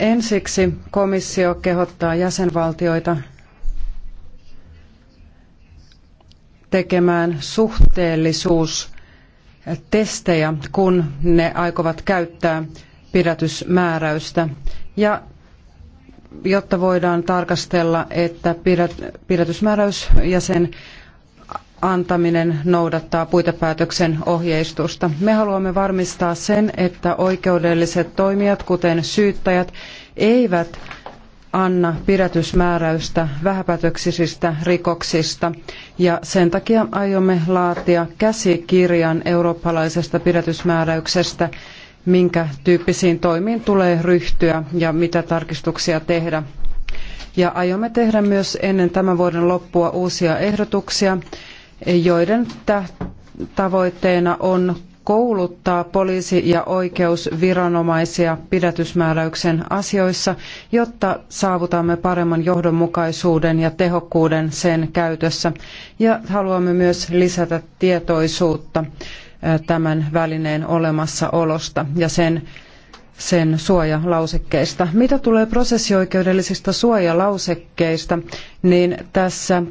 Ensiksi komissio kehottaa jäsenvaltioita tekemään suhteellisuustestejä, kun ne aikovat käyttää pidätysmääräystä. Ja jotta voidaan tarkastella, että pidätysmääräys ja sen antaminen noudattaa puitepäätöksen ohjeistusta. Me haluamme varmistaa sen, että oikeudelliset toimijat, kuten syyttäjät, eivät anna pidätysmääräystä vähäpätöksisistä rikoksista ja sen takia aiomme laatia käsikirjan eurooppalaisesta pidätysmääräyksestä, minkä tyyppisiin toimiin tulee ryhtyä ja mitä tarkistuksia tehdä. Ja aiomme tehdä myös ennen tämän vuoden loppua uusia ehdotuksia, joiden tavoitteena on kouluttaa poliisi- ja oikeusviranomaisia pidätysmääräyksen asioissa, jotta saavutamme paremman johdonmukaisuuden ja tehokkuuden sen käytössä. Ja haluamme myös lisätä tietoisuutta tämän välineen olemassaolosta ja sen sen suojalausekkeista. Mitä tulee prosessioikeudellisista suojalausekkeista, niin tässä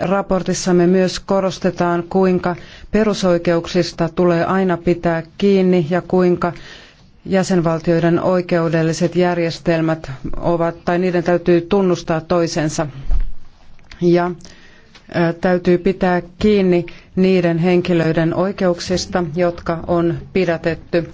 raportissamme myös korostetaan, kuinka perusoikeuksista tulee aina pitää kiinni ja kuinka jäsenvaltioiden oikeudelliset järjestelmät ovat, tai niiden täytyy tunnustaa toisensa. Ja täytyy pitää kiinni niiden henkilöiden oikeuksista, jotka on pidätetty.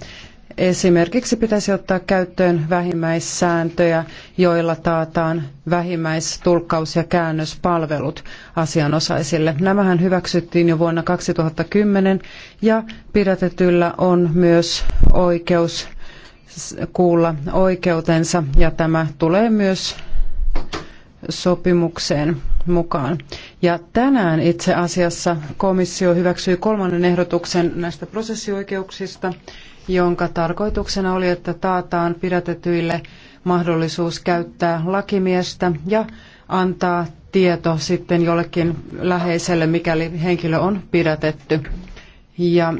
Esimerkiksi pitäisi ottaa käyttöön vähimmäissääntöjä, joilla taataan vähimmäistulkkaus- ja käännöspalvelut asianosaisille. Nämähän hyväksyttiin jo vuonna 2010 ja pidätetyllä on myös oikeus kuulla oikeutensa ja tämä tulee myös sopimukseen mukaan. Ja tänään itse asiassa komissio hyväksyi kolmannen ehdotuksen näistä prosessioikeuksista jonka tarkoituksena oli, että taataan pidätetyille mahdollisuus käyttää lakimiestä ja antaa tieto sitten jollekin läheiselle, mikäli henkilö on pidätetty. Ja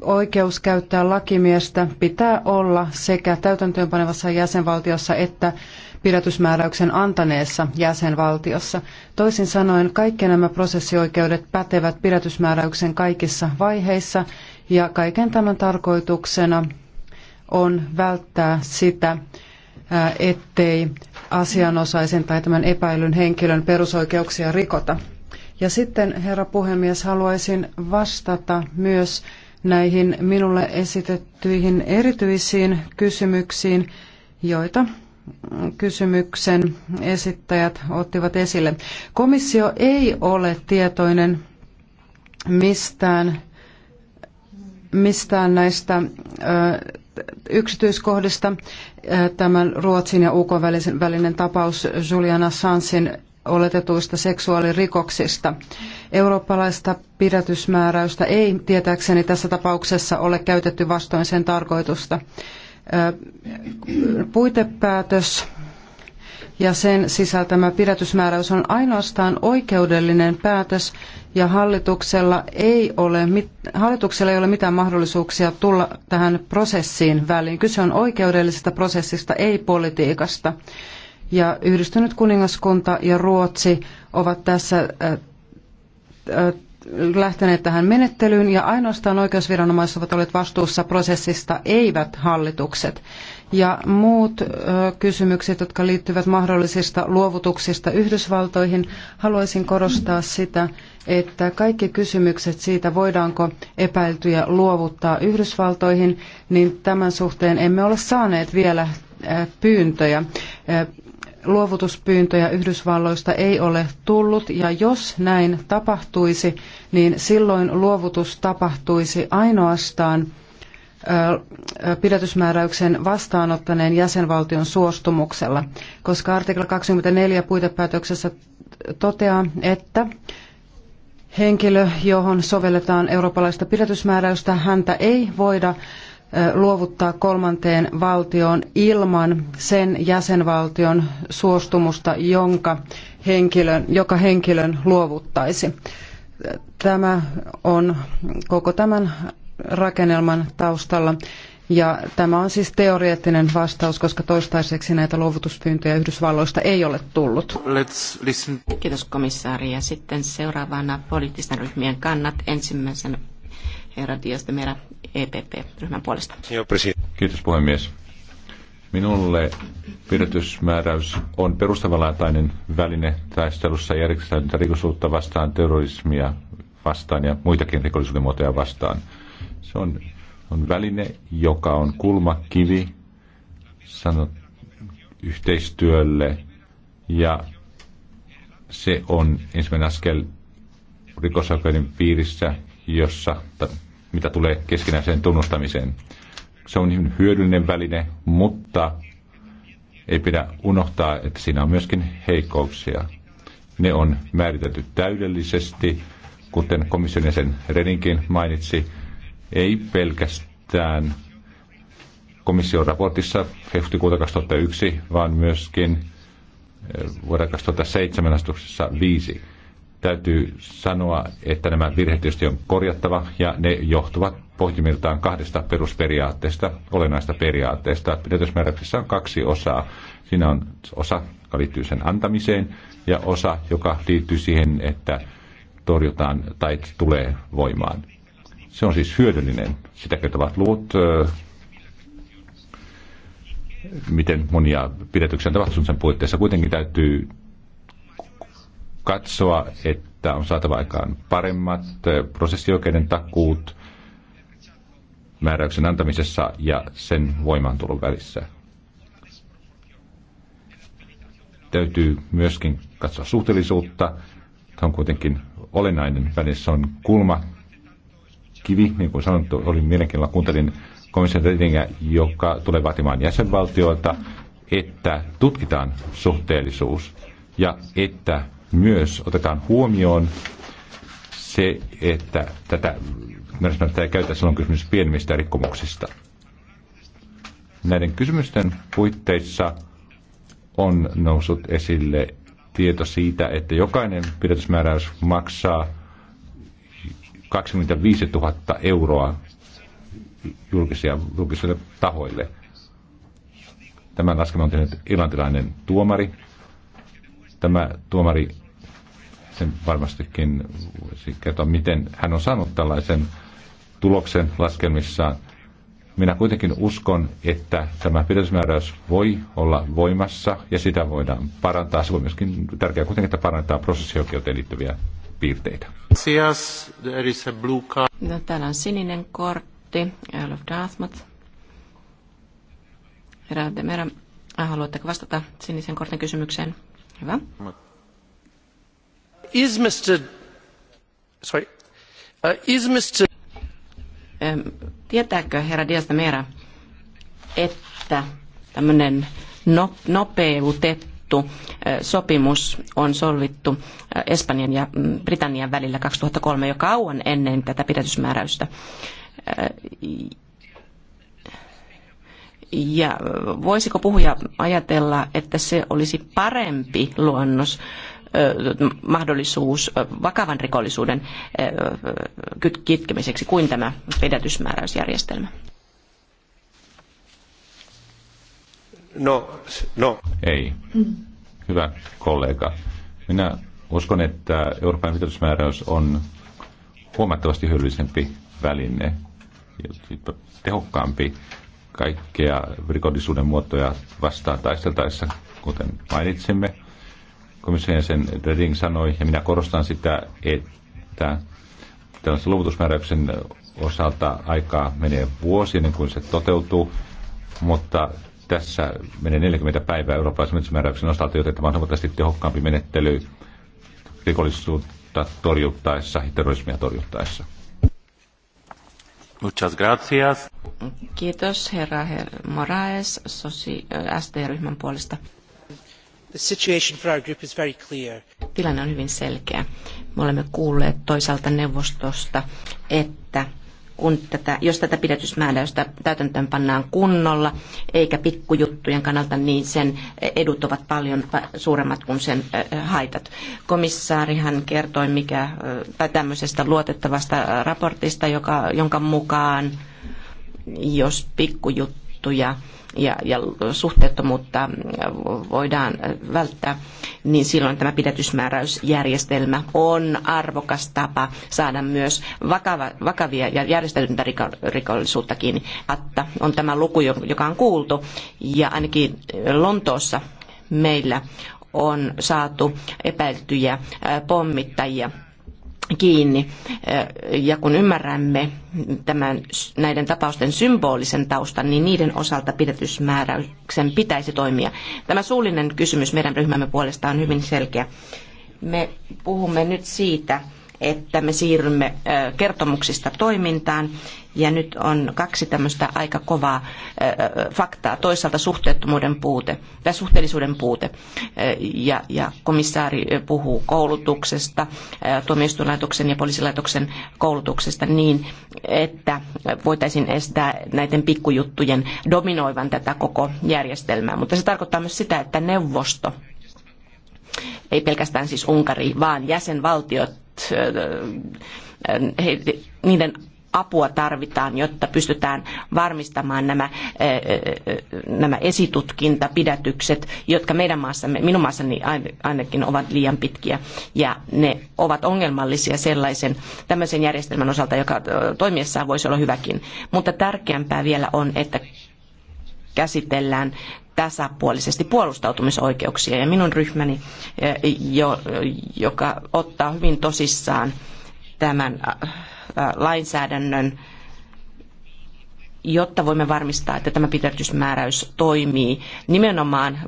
oikeus käyttää lakimiestä pitää olla sekä täytäntöönpanevassa jäsenvaltiossa että pidätysmääräyksen antaneessa jäsenvaltiossa. Toisin sanoen kaikki nämä prosessioikeudet pätevät pidätysmääräyksen kaikissa vaiheissa ja kaiken tämän tarkoituksena on välttää sitä, ettei asianosaisen tai tämän epäilyn henkilön perusoikeuksia rikota. Ja sitten, herra puhemies, haluaisin vastata myös näihin minulle esitettyihin erityisiin kysymyksiin, joita kysymyksen esittäjät ottivat esille. Komissio ei ole tietoinen mistään mistään näistä yksityiskohdista. Tämän Ruotsin ja UK välinen tapaus Julian Assangein oletetuista seksuaalirikoksista. Eurooppalaista pidätysmääräystä ei tietääkseni tässä tapauksessa ole käytetty vastoin sen tarkoitusta. Puitepäätös ja sen sisältämä pidätysmääräys on ainoastaan oikeudellinen päätös, ja hallituksella ei ole, hallituksella ei ole mitään mahdollisuuksia tulla tähän prosessiin väliin. Kyse on oikeudellisesta prosessista, ei politiikasta. Ja yhdistynyt kuningaskunta ja Ruotsi ovat tässä äh, äh, lähteneet tähän menettelyyn ja ainoastaan oikeusviranomaiset ovat olleet vastuussa prosessista, eivät hallitukset. Ja muut kysymykset, jotka liittyvät mahdollisista luovutuksista Yhdysvaltoihin, haluaisin korostaa sitä, että kaikki kysymykset siitä, voidaanko epäiltyjä luovuttaa Yhdysvaltoihin, niin tämän suhteen emme ole saaneet vielä pyyntöjä luovutuspyyntöjä Yhdysvalloista ei ole tullut ja jos näin tapahtuisi, niin silloin luovutus tapahtuisi ainoastaan pidätysmääräyksen vastaanottaneen jäsenvaltion suostumuksella, koska artikla 24 puitepäätöksessä toteaa, että henkilö, johon sovelletaan eurooppalaista pidätysmääräystä, häntä ei voida luovuttaa kolmanteen valtioon ilman sen jäsenvaltion suostumusta, jonka henkilön, joka henkilön luovuttaisi. Tämä on koko tämän rakennelman taustalla. Ja tämä on siis teoreettinen vastaus, koska toistaiseksi näitä luovutuspyyntöjä Yhdysvalloista ei ole tullut. Kiitos komissaari. Ja sitten seuraavana poliittisten ryhmien kannat. Ensimmäisen herra Diostemera EPP-ryhmän puolesta. Kiitos puhemies. Minulle pidätysmääräys on perustavanlaatainen väline taistelussa järjestäytyntä rikollisuutta vastaan, terrorismia vastaan ja muitakin rikollisuuden muotoja vastaan. Se on, on väline, joka on kulmakivi sanot, yhteistyölle ja se on ensimmäinen askel rikosoikeuden piirissä, jossa mitä tulee keskinäiseen tunnustamiseen. Se on hyödyllinen väline, mutta ei pidä unohtaa, että siinä on myöskin heikkouksia. Ne on määritelty täydellisesti, kuten komission jäsen Reninkin mainitsi, ei pelkästään komission raportissa huhtikuuta 2001, vaan myöskin eh, vuoden 2007 astuksessa 5 täytyy sanoa, että nämä virheet tietysti on korjattava ja ne johtuvat pohjimmiltaan kahdesta perusperiaatteesta, olennaista periaatteesta. Pidätysmääräyksessä on kaksi osaa. Siinä on osa, joka liittyy sen antamiseen ja osa, joka liittyy siihen, että torjutaan tai tulee voimaan. Se on siis hyödyllinen. Sitä kertovat luvut, miten monia pidätyksiä on tapahtunut sen puitteissa. Kuitenkin täytyy katsoa, että on saatava aikaan paremmat prosessioikeuden takuut määräyksen antamisessa ja sen voimaantulon välissä. Täytyy myöskin katsoa suhteellisuutta. Tämä on kuitenkin olennainen väline. Se on kulma kivi, niin kuin sanottu, oli mielenkiinnolla kuuntelin komission tietenkin, joka tulee vaatimaan jäsenvaltioilta, että tutkitaan suhteellisuus ja että myös otetaan huomioon se, että tätä myönnysmättä ei käytä silloin kysymys pienemmistä rikkomuksista. Näiden kysymysten puitteissa on noussut esille tieto siitä, että jokainen pidätysmääräys maksaa 25 000 euroa julkisia, julkisille tahoille. Tämän laskelman on tehnyt irlantilainen tuomari. Tämä tuomari sen varmastikin kertoa, miten hän on saanut tällaisen tuloksen laskelmissaan. Minä kuitenkin uskon, että tämä pidätysmääräys voi olla voimassa ja sitä voidaan parantaa. Se on myöskin tärkeää kuitenkin, että parantaa prosessioikeuteen liittyviä piirteitä. No, täällä on sininen kortti, Earl of Dartmouth. Herra Demera, haluatteko vastata sinisen kortin kysymykseen? Hyvä. Uh, tietääkö herra de Mera, että tämmöinen no, nopeutettu sopimus on solvittu Espanjan ja mm, Britannian välillä 2003 jo kauan ennen tätä pidätysmääräystä. Ja voisiko puhuja ajatella, että se olisi parempi luonnos mahdollisuus vakavan rikollisuuden kitkemiseksi kuin tämä vedätysmääräysjärjestelmä? No, no. Ei. Hyvä kollega. Minä uskon, että Euroopan vedätysmääräys on huomattavasti hyödyllisempi väline, tehokkaampi kaikkea rikollisuuden muotoja vastaan taisteltaessa, kuten mainitsimme komission sen Redding sanoi, ja minä korostan sitä, että tällaisen luvutusmääräyksen osalta aikaa menee vuosi ennen kuin se toteutuu, mutta tässä menee 40 päivää eurooppalaisen metsämääräyksen osalta, joten tämä on huomattavasti tehokkaampi menettely rikollisuutta torjuttaessa ja terrorismia torjuttaessa. Muchas gracias. Kiitos herra, herra Moraes, sd äh, ryhmän puolesta. Tilanne on hyvin selkeä. Me olemme kuulleet toisaalta neuvostosta, että kun tätä, jos tätä pidätysmääräystä täytäntöön pannaan kunnolla, eikä pikkujuttujen kannalta, niin sen edut ovat paljon suuremmat kuin sen haitat. Komissaarihan kertoi mikä, tai tämmöisestä luotettavasta raportista, joka, jonka mukaan jos pikkujuttuja ja, ja suhteettomuutta voidaan välttää, niin silloin tämä pidätysmääräysjärjestelmä on arvokas tapa saada myös vakava, vakavia ja järjestäytyntä rikollisuuttakin. Atta on tämä luku, joka on kuultu, ja ainakin Lontoossa meillä on saatu epäiltyjä pommittajia kiinni. Ja kun ymmärrämme tämän, näiden tapausten symbolisen taustan, niin niiden osalta pidetysmääräyksen pitäisi toimia. Tämä suullinen kysymys meidän ryhmämme puolesta on hyvin selkeä. Me puhumme nyt siitä, että me siirrymme kertomuksista toimintaan. Ja nyt on kaksi tämmöistä aika kovaa faktaa. Toisaalta suhteettomuuden puute tai suhteellisuuden puute. Ja, ja komissaari puhuu koulutuksesta, tuomioistuinlaitoksen ja poliisilaitoksen koulutuksesta niin, että voitaisiin estää näiden pikkujuttujen dominoivan tätä koko järjestelmää. Mutta se tarkoittaa myös sitä, että neuvosto ei pelkästään siis Unkari, vaan jäsenvaltiot he, niiden apua tarvitaan, jotta pystytään varmistamaan nämä, nämä esitutkintapidätykset, jotka meidän maassamme, minun maassani ainakin ovat liian pitkiä. Ja ne ovat ongelmallisia sellaisen tämmöisen järjestelmän osalta, joka toimiessaan voisi olla hyväkin. Mutta tärkeämpää vielä on, että käsitellään tasapuolisesti puolustautumisoikeuksia. Ja minun ryhmäni, eh, joka ottaa hyvin tosissaan tämän eh, lainsäädännön jotta voimme varmistaa, että tämä pidätysmääräys toimii nimenomaan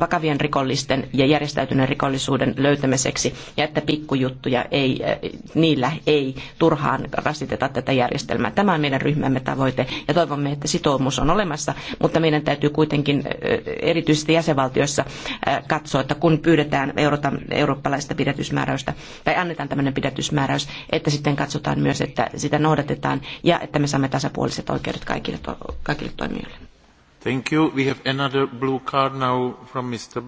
vakavien rikollisten ja järjestäytyneen rikollisuuden löytämiseksi ja että pikkujuttuja ei, äh, niillä ei turhaan rasiteta tätä järjestelmää. Tämä on meidän ryhmämme tavoite ja toivomme, että sitoumus on olemassa, mutta meidän täytyy kuitenkin äh, erityisesti jäsenvaltioissa äh, katsoa, että kun pyydetään eurooppalaista pidätysmääräystä tai annetaan tämmöinen pidätysmääräys, että sitten katsotaan myös, että sitä noudatetaan ja että me saamme tasapuoliset oikeudet oikeudet kaikille, kaikille toimijoille. Thank you. We have another blue card now from Mr.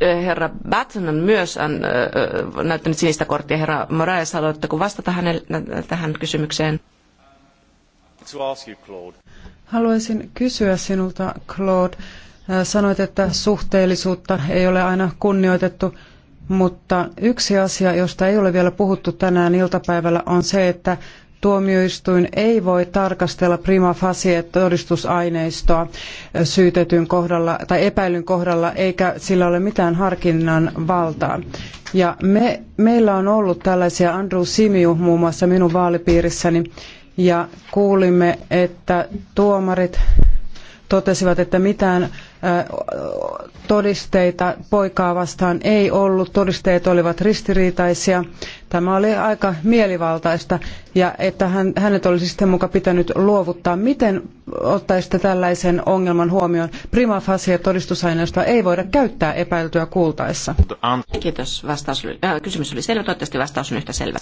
Herra Batson on myös on, äh, näyttänyt sinistä korttia. Herra Moraes, haluatteko vastata hänelle, tähän kysymykseen? Haluaisin kysyä sinulta, Claude. Sanoit, että suhteellisuutta ei ole aina kunnioitettu, mutta yksi asia, josta ei ole vielä puhuttu tänään iltapäivällä, on se, että tuomioistuin ei voi tarkastella prima facie todistusaineistoa syytetyn kohdalla tai epäilyn kohdalla eikä sillä ole mitään harkinnan valtaa. Ja me, meillä on ollut tällaisia Andrew Simiu muun muassa minun vaalipiirissäni ja kuulimme, että tuomarit totesivat, että mitään todisteita poikaa vastaan ei ollut. Todisteet olivat ristiriitaisia. Tämä oli aika mielivaltaista ja että hän, hänet olisi sitten muka pitänyt luovuttaa. Miten ottaisitte tällaisen ongelman huomioon? Prima facie todistusaineistoa ei voida käyttää epäiltyä kuultaessa. Kiitos. Vastaus äh, kysymys oli selvä. Toivottavasti vastaus on yhtä selvä.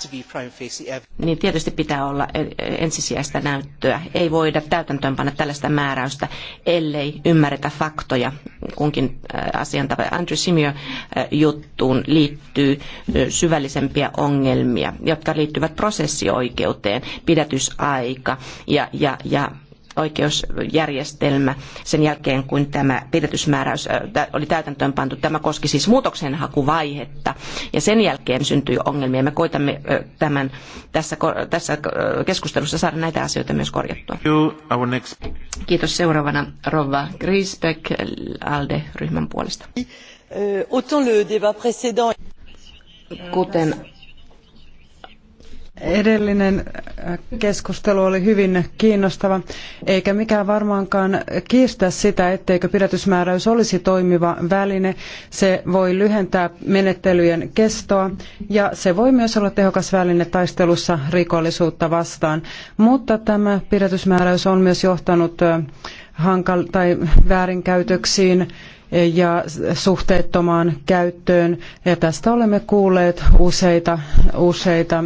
Niin tietysti pitää olla ensisijaista näyttöä. Ei voida täytäntöönpanna tällaista määräystä, ellei ymmärretä faktoja kunkin Äh, asiantuntija Andrew Simio-juttuun äh, liittyy äh, syvällisempiä ongelmia, jotka liittyvät prosessioikeuteen, pidätysaika ja, ja, ja oikeusjärjestelmä sen jälkeen, kun tämä pidätysmääräys äh, oli täytäntöönpantu. Tämä koski siis muutoksenhakuvaihetta ja sen jälkeen syntyi ongelmia. Me koitamme äh, tämän, tässä, tässä äh, keskustelussa saada näitä asioita myös korjattua. Kiitos seuraavana Rova Griesbeck ALDE-ryhmän puolesta. Kuten Edellinen äh, keskustelu oli hyvin kiinnostava, eikä mikään varmaankaan kiistä sitä, etteikö pidätysmääräys olisi toimiva väline. Se voi lyhentää menettelyjen kestoa ja se voi myös olla tehokas väline taistelussa rikollisuutta vastaan. Mutta tämä pidätysmääräys on myös johtanut äh, hankal- tai väärinkäytöksiin ja suhteettomaan käyttöön. Ja tästä olemme kuulleet useita, useita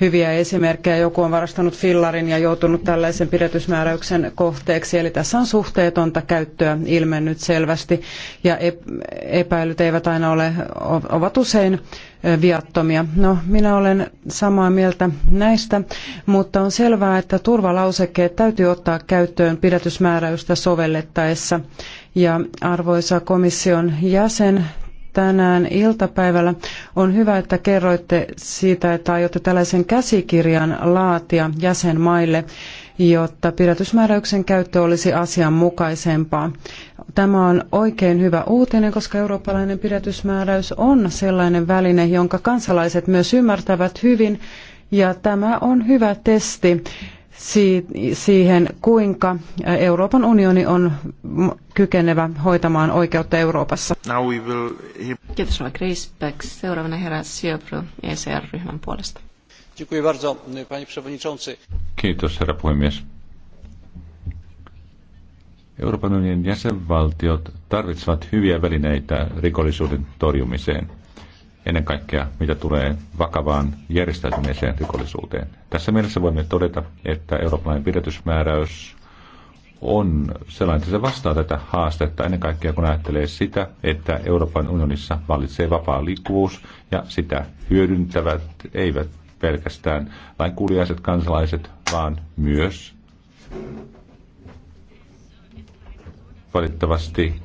hyviä esimerkkejä. Joku on varastanut fillarin ja joutunut tällaisen pidätysmääräyksen kohteeksi. Eli tässä on suhteetonta käyttöä ilmennyt selvästi ja epäilyt eivät aina ole, ovat usein viattomia. No, minä olen samaa mieltä näistä, mutta on selvää, että turvalausekkeet täytyy ottaa käyttöön pidätysmääräystä sovellettaessa ja arvoisa komission jäsen, tänään iltapäivällä. On hyvä, että kerroitte siitä, että aiotte tällaisen käsikirjan laatia jäsenmaille, jotta pidätysmääräyksen käyttö olisi asianmukaisempaa. Tämä on oikein hyvä uutinen, koska eurooppalainen pidätysmääräys on sellainen väline, jonka kansalaiset myös ymmärtävät hyvin, ja tämä on hyvä testi siihen, kuinka Euroopan unioni on kykenevä hoitamaan oikeutta Euroopassa. Will... Kiitos Rova Grisbeck. Seuraavana herra Siobro ECR-ryhmän puolesta. Kiitos herra puhemies. Euroopan unionin jäsenvaltiot tarvitsevat hyviä välineitä rikollisuuden torjumiseen – ennen kaikkea mitä tulee vakavaan järjestäytyneeseen rikollisuuteen. Tässä mielessä voimme todeta, että eurooppalainen pidätysmääräys on sellainen, että se vastaa tätä haastetta ennen kaikkea kun ajattelee sitä, että Euroopan unionissa vallitsee vapaa liikkuvuus ja sitä hyödyntävät eivät pelkästään lainkuuliaiset kansalaiset, vaan myös valitettavasti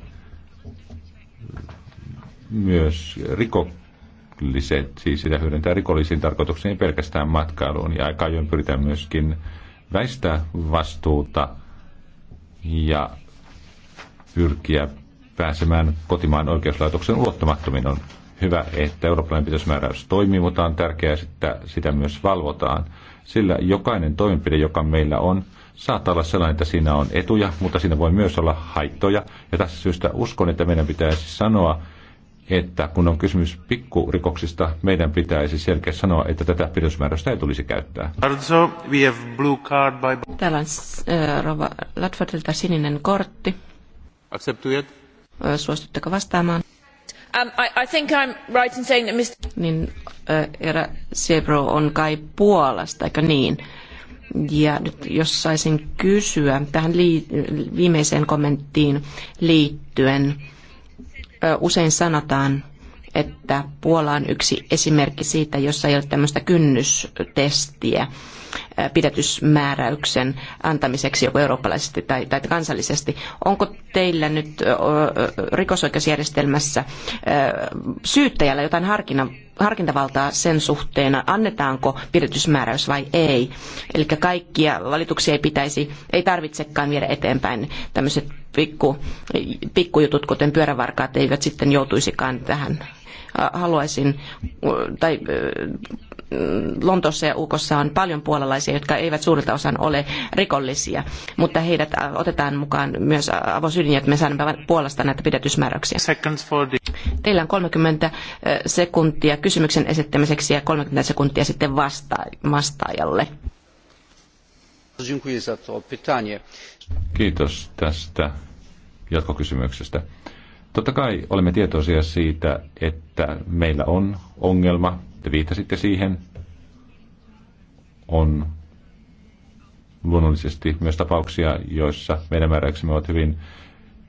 myös rikok, rikolliset, siis sitä hyödyntää rikollisiin tarkoituksiin pelkästään matkailuun. Ja aika ajoin pyritään myöskin väistää vastuuta ja pyrkiä pääsemään kotimaan oikeuslaitoksen ulottumattomiin. On hyvä, että eurooppalainen pitäysmääräys toimii, mutta on tärkeää, että sitä myös valvotaan. Sillä jokainen toimenpide, joka meillä on, saattaa olla sellainen, että siinä on etuja, mutta siinä voi myös olla haittoja. Ja tässä syystä uskon, että meidän pitäisi sanoa, että kun on kysymys pikkurikoksista, meidän pitäisi selkeä sanoa, että tätä pidösmääräystä ei tulisi käyttää. Täällä on äh, Rova sininen kortti. Acceptujet? Suostutteko vastaamaan? Um, I, I, think I'm right in saying that Mr... Niin äh, on kai Puolasta, eikö niin? Ja nyt jos saisin kysyä tähän lii- viimeiseen kommenttiin liittyen, Usein sanotaan, että Puola on yksi esimerkki siitä, jossa ei ole tämmöistä kynnystestiä pidätysmääräyksen antamiseksi joko eurooppalaisesti tai, tai kansallisesti. Onko teillä nyt rikosoikeusjärjestelmässä syyttäjällä jotain harkinnan harkintavaltaa sen suhteen, annetaanko pidätysmääräys vai ei. Eli kaikkia valituksia ei pitäisi, ei tarvitsekaan viedä eteenpäin. Tämmöiset pikku, pikkujutut, kuten pyörävarkaat, eivät sitten joutuisikaan tähän. Haluaisin, tai Lontoossa ja UKossa on paljon puolalaisia, jotka eivät suurelta osan ole rikollisia, mutta heidät äh, otetaan mukaan myös avosydin, että me saamme Puolasta näitä pidätysmääräyksiä. Teillä on 30 äh, sekuntia kysymyksen esittämiseksi ja 30 sekuntia sitten vasta- vastaajalle. Kiitos tästä jatkokysymyksestä. Totta kai olemme tietoisia siitä, että meillä on ongelma te viittasitte siihen, on luonnollisesti myös tapauksia, joissa meidän määräyksemme ovat hyvin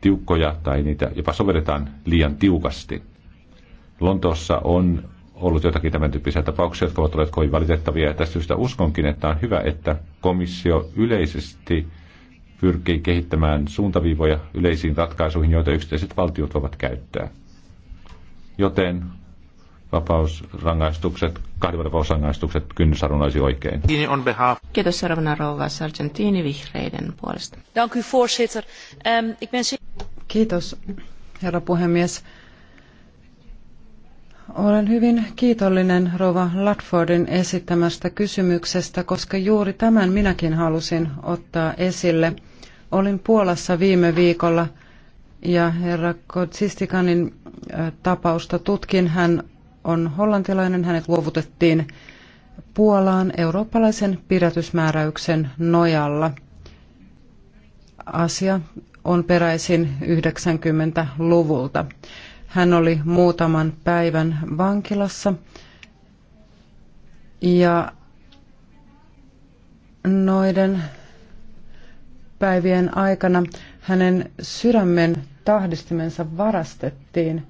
tiukkoja tai niitä jopa sovelletaan liian tiukasti. Lontoossa on ollut jotakin tämän tyyppisiä tapauksia, jotka ovat olleet kovin valitettavia. Ja tästä syystä uskonkin, että on hyvä, että komissio yleisesti pyrkii kehittämään suuntaviivoja yleisiin ratkaisuihin, joita yksittäiset valtiot voivat käyttää. Joten vapausrangaistukset, vapausrangaistukset kynnysarvon olisi oikein. Kiitos seuraavana rouva Sargentini vihreiden puolesta. Ehm, Kiitos herra puhemies. Olen hyvin kiitollinen rouva Latfordin esittämästä kysymyksestä, koska juuri tämän minäkin halusin ottaa esille. Olin Puolassa viime viikolla ja herra Kotsistikanin äh, tapausta tutkin. Hän on hollantilainen, hänet luovutettiin Puolaan eurooppalaisen pidätysmääräyksen nojalla. Asia on peräisin 90-luvulta. Hän oli muutaman päivän vankilassa ja noiden päivien aikana hänen sydämen tahdistimensa varastettiin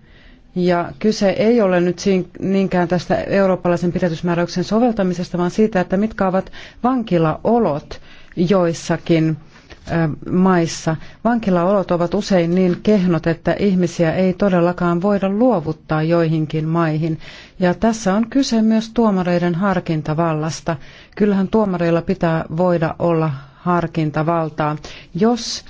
ja kyse ei ole nyt niinkään tästä eurooppalaisen pidätysmääräyksen soveltamisesta, vaan siitä, että mitkä ovat vankilaolot joissakin maissa. Vankilaolot ovat usein niin kehnot, että ihmisiä ei todellakaan voida luovuttaa joihinkin maihin. Ja tässä on kyse myös tuomareiden harkintavallasta. Kyllähän tuomareilla pitää voida olla harkintavaltaa. Jos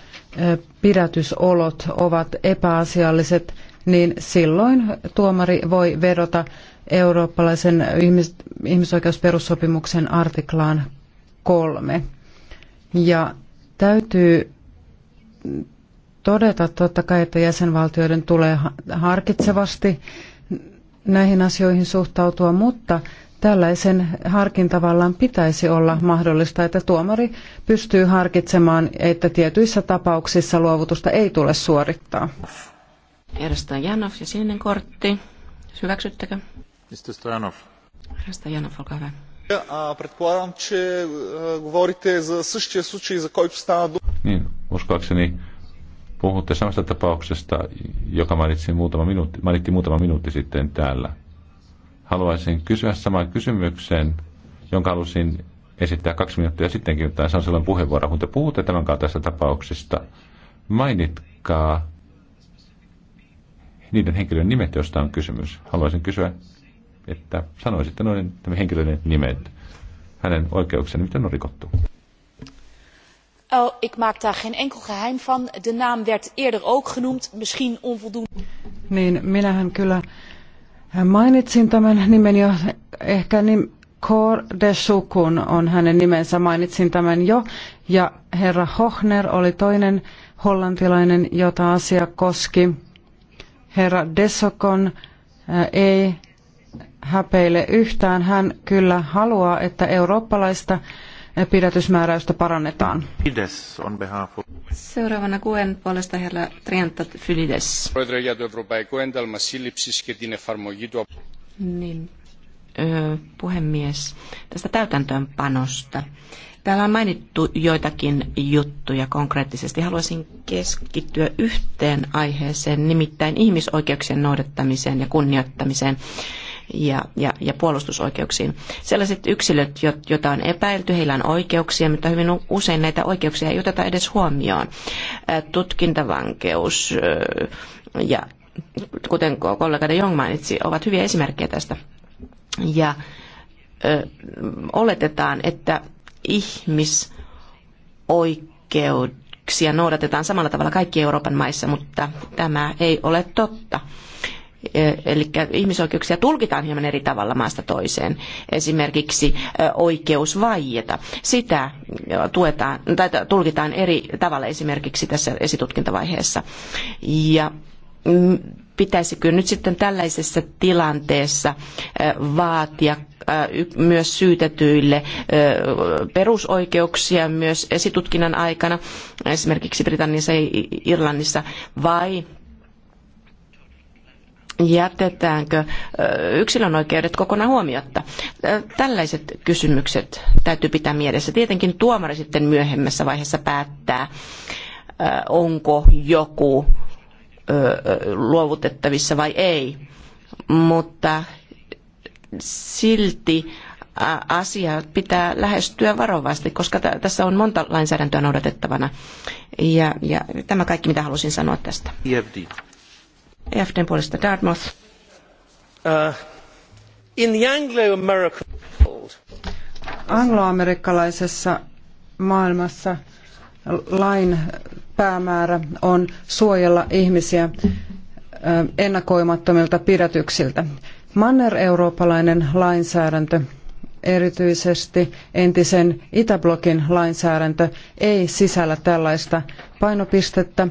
pidätysolot ovat epäasialliset, niin silloin tuomari voi vedota eurooppalaisen ihmis- ihmisoikeusperussopimuksen artiklaan kolme. Ja täytyy todeta totta kai, että jäsenvaltioiden tulee harkitsevasti näihin asioihin suhtautua, mutta tällaisen harkintavallan pitäisi olla mahdollista, että tuomari pystyy harkitsemaan, että tietyissä tapauksissa luovutusta ei tule suorittaa. Edustaja Janov ja sininen kortti. Hyväksyttekö? Mr. Stojanov. Edustaja Janov, olkaa hyvä. Предполагам, че говорите за същия случай, за който стана дума. Niin, uskoakseni puhutte samasta tapauksesta, joka mainitsin muutama minuutti, mainittiin muutama minuutti sitten täällä. Haluaisin kysyä saman kysymyksen, jonka halusin esittää kaksi minuuttia sittenkin, tai se on sellainen puheenvuoro, kun te puhutte tämän kaltaisista tapauksista, mainitkaa niiden henkilöiden nimet, joista on kysymys. Haluaisin kysyä, että sanoisitte noiden henkilöiden nimet. Hänen oikeuksensa, miten on rikottu? Oh, ik maak daar geen enkel geheim van. De naam werd eerder ook genoemd, misschien onvoldoende. Niin, minähän kyllä mainitsin tämän nimen jo, ehkä nim, Kor de Sukun on hänen nimensä, mainitsin tämän jo. Ja herra Hochner oli toinen hollantilainen, jota asia koski herra Desokon ei häpeile yhtään. Hän kyllä haluaa, että eurooppalaista pidätysmääräystä parannetaan. Fides on behalf of... Seuraavana kuen puolesta herra Trianta Fylides. Niin, puhemies, tästä täytäntöönpanosta. Täällä on mainittu joitakin juttuja konkreettisesti. Haluaisin keskittyä yhteen aiheeseen, nimittäin ihmisoikeuksien noudattamiseen ja kunnioittamiseen ja, ja, ja puolustusoikeuksiin. Sellaiset yksilöt, joita on epäilty, heillä on oikeuksia, mutta hyvin usein näitä oikeuksia ei oteta edes huomioon. Tutkintavankeus ja kuten kollega de Jong mainitsi, ovat hyviä esimerkkejä tästä. Ja ö, oletetaan, että ihmisoikeuksia noudatetaan samalla tavalla kaikki Euroopan maissa, mutta tämä ei ole totta. E, eli ihmisoikeuksia tulkitaan hieman eri tavalla maasta toiseen. Esimerkiksi e, oikeus vaieta, sitä e, tuetaan, tai tulkitaan eri tavalla esimerkiksi tässä esitutkintavaiheessa. Ja Mm, pitäisikö nyt sitten tällaisessa tilanteessa vaatia myös syytetyille perusoikeuksia myös esitutkinnan aikana, esimerkiksi Britanniassa ja Irlannissa, vai jätetäänkö yksilön oikeudet kokonaan huomiotta? Tällaiset kysymykset täytyy pitää mielessä. Tietenkin tuomari sitten myöhemmässä vaiheessa päättää, onko joku luovutettavissa vai ei. Mutta silti asia pitää lähestyä varovasti, koska tässä on monta lainsäädäntöä noudatettavana. Ja, ja tämä kaikki, mitä halusin sanoa tästä. EFD. EFDn puolesta Dartmouth. Uh, in the Anglo-American angloamerikkalaisessa maailmassa – lain päämäärä on suojella ihmisiä ennakoimattomilta pidätyksiltä. Manner-eurooppalainen lainsäädäntö, erityisesti entisen Itäblokin lainsäädäntö, ei sisällä tällaista painopistettä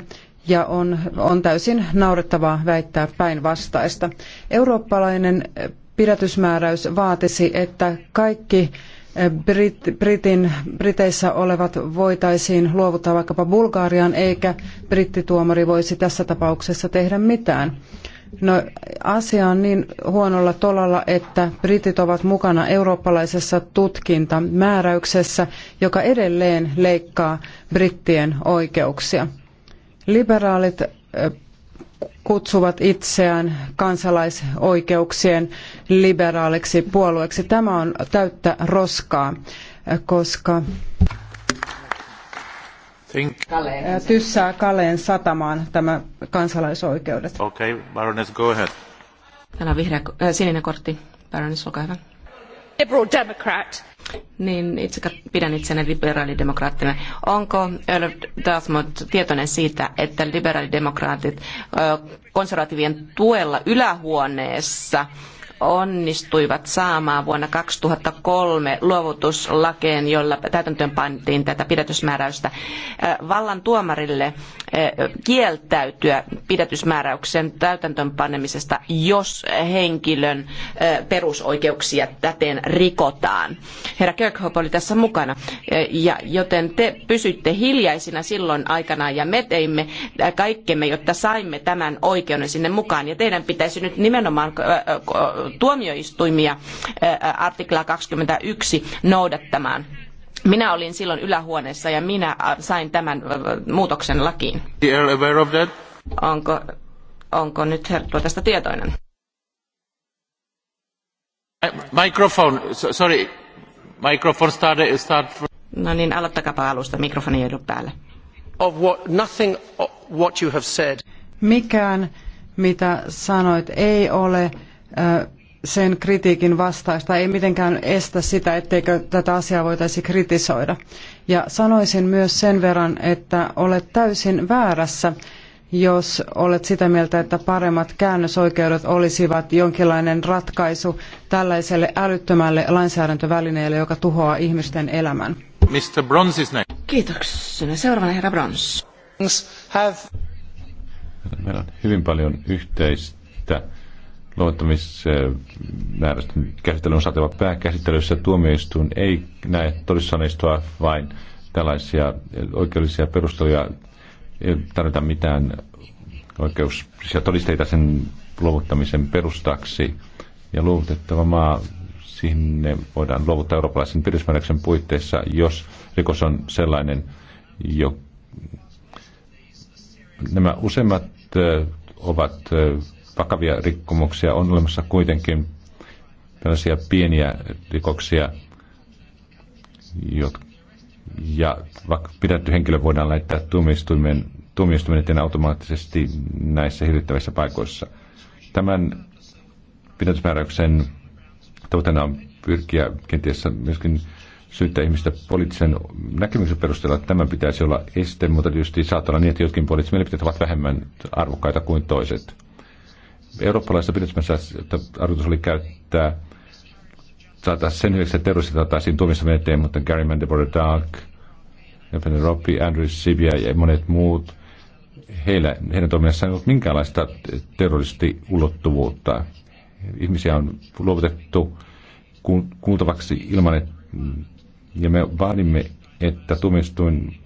ja on, on täysin naurettavaa väittää päinvastaista. Eurooppalainen pidätysmääräys vaatisi, että kaikki Brit, Britin, Briteissä olevat voitaisiin luovuttaa vaikkapa Bulgariaan, eikä brittituomari voisi tässä tapauksessa tehdä mitään. No, asia on niin huonolla tolalla, että britit ovat mukana eurooppalaisessa tutkintamääräyksessä, joka edelleen leikkaa brittien oikeuksia. Liberaalit kutsuvat itseään kansalaisoikeuksien liberaaliksi puolueeksi. Tämä on täyttä roskaa, koska Think. tyssää Kaleen satamaan tämä kansalaisoikeudet. Okay, Baroness, go ahead. Täällä on vihreä, äh, sininen kortti. Baroness, olkaa hyvä liberal democrat. Niin, itse pidän itseäni liberaalidemokraattina. Onko Earl Dartmouth tietoinen siitä, että liberaalidemokraatit konservatiivien tuella ylähuoneessa onnistuivat saamaan vuonna 2003 luovutuslakeen, jolla täytäntöön pantiin tätä pidätysmääräystä vallan tuomarille kieltäytyä pidätysmääräyksen täytäntöönpanemisesta, jos henkilön perusoikeuksia täten rikotaan. Herra Kirkhope oli tässä mukana, ja joten te pysytte hiljaisina silloin aikanaan, ja me teimme kaikkemme, jotta saimme tämän oikeuden sinne mukaan, ja teidän pitäisi nyt nimenomaan tuomioistuimia artikla 21 noudattamaan. Minä olin silloin ylähuoneessa ja minä sain tämän muutoksen lakiin. Onko, onko nyt Herttua tästä tietoinen? Microphone, sorry. Microphone start, start No niin, aloittakapa alusta. Mikrofoni ei ollut päällä. Of what, nothing what you have said. Mikään, mitä sanoit, ei ole äh, sen kritiikin vastaista ei mitenkään estä sitä, etteikö tätä asiaa voitaisi kritisoida. Ja sanoisin myös sen verran, että olet täysin väärässä, jos olet sitä mieltä, että paremmat käännösoikeudet olisivat jonkinlainen ratkaisu tällaiselle älyttömälle lainsäädäntövälineelle, joka tuhoaa ihmisten elämän. Mr. Bronsis Kiitoksia. Seuraavana herra Bronze. Have... Meillä on hyvin paljon yhteistä luovuttamismääräysten käsittelyn satava pääkäsittelyssä tuomioistuin ei näe todistusaineistoa vain tällaisia oikeudellisia perusteluja, ei tarvita mitään oikeudellisia todisteita sen luovuttamisen perustaksi. Ja luovutettava maa sinne voidaan luovuttaa eurooppalaisen pidysmääräyksen puitteissa, jos rikos on sellainen, jo nämä useimmat ovat vakavia rikkomuksia, on olemassa kuitenkin tällaisia pieniä rikoksia, jotka ja vaikka pidetty henkilö voidaan laittaa tuomioistuimen, tuomioistuimen eteen automaattisesti näissä hirvittävissä paikoissa. Tämän pidätysmääräyksen tavoitteena on pyrkiä kenties myöskin syyttää ihmistä poliittisen näkemyksen perusteella, että tämän pitäisi olla este, mutta tietysti saattaa olla niin, että jotkin poliittiset mielipiteet ovat vähemmän arvokkaita kuin toiset eurooppalaisessa pidätysmässä tarkoitus oli käyttää saataisiin sen hyväksi, että terroristit saataisiin tuomissa eteen, mutta Gary Mandelborn Dark, Evan Roppi, Andrew Sibia ja monet muut, heillä, heidän toiminnassaan ei ollut minkäänlaista terroristiulottuvuutta. Ihmisiä on luovutettu kuultavaksi ilman, että, ja me vaadimme, että tuomioistuin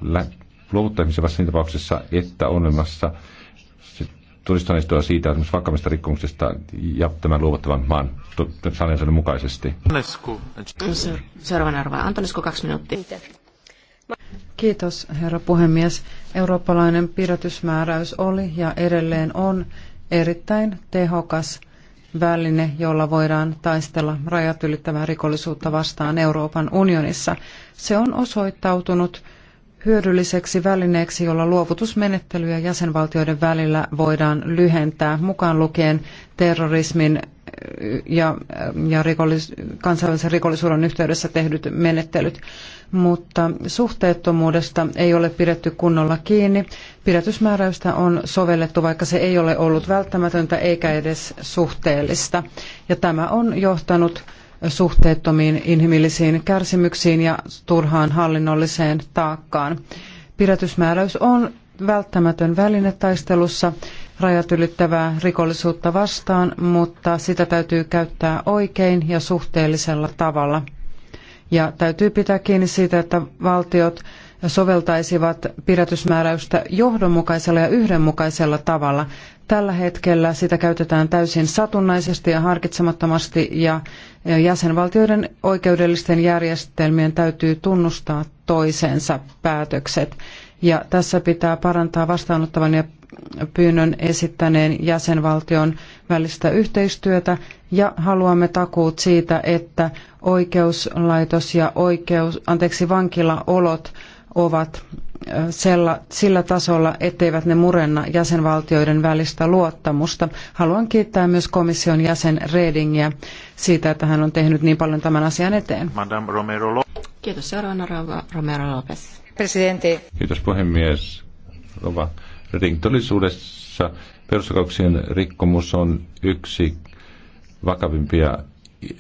luovuttaa ihmisiä vasta siinä tapauksessa, että on olemassa todistaneistoa siitä esimerkiksi vakavista rikkomuksista ja tämän luovuttavan maan sanensa mukaisesti. Seuraavan arvaa Antonescu kaksi minuuttia. Kiitos, herra puhemies. Eurooppalainen pidätysmääräys oli ja edelleen on erittäin tehokas väline, jolla voidaan taistella rajat ylittävää rikollisuutta vastaan Euroopan unionissa. Se on osoittautunut hyödylliseksi välineeksi, jolla luovutusmenettelyjä jäsenvaltioiden välillä voidaan lyhentää, mukaan lukien terrorismin eh, ja, eh, ja rikollis, kansainvälisen rikollisuuden yhteydessä tehdyt menettelyt. Mutta suhteettomuudesta ei ole pidetty kunnolla kiinni. Pidätysmääräystä on sovellettu, vaikka se ei ole ollut välttämätöntä eikä edes suhteellista. Ja tämä on johtanut suhteettomiin inhimillisiin kärsimyksiin ja turhaan hallinnolliseen taakkaan. Pidätysmääräys on välttämätön väline taistelussa rajat ylittävää rikollisuutta vastaan, mutta sitä täytyy käyttää oikein ja suhteellisella tavalla. Ja täytyy pitää kiinni siitä, että valtiot soveltaisivat pidätysmääräystä johdonmukaisella ja yhdenmukaisella tavalla. Tällä hetkellä sitä käytetään täysin satunnaisesti ja harkitsemattomasti ja jäsenvaltioiden oikeudellisten järjestelmien täytyy tunnustaa toisensa päätökset. Ja tässä pitää parantaa vastaanottavan ja pyynnön esittäneen jäsenvaltion välistä yhteistyötä ja haluamme takuut siitä, että oikeuslaitos ja oikeus, anteeksi, vankilaolot ovat sella, sillä tasolla, etteivät ne murenna jäsenvaltioiden välistä luottamusta. Haluan kiittää myös komission jäsen Redingiä siitä, että hän on tehnyt niin paljon tämän asian eteen. Madame Romero Kiitos seuraavana Romero Lopez. Presidentti. Kiitos puhemies. Rova Reding. Todellisuudessa perusoikeuksien rikkomus on yksi vakavimpia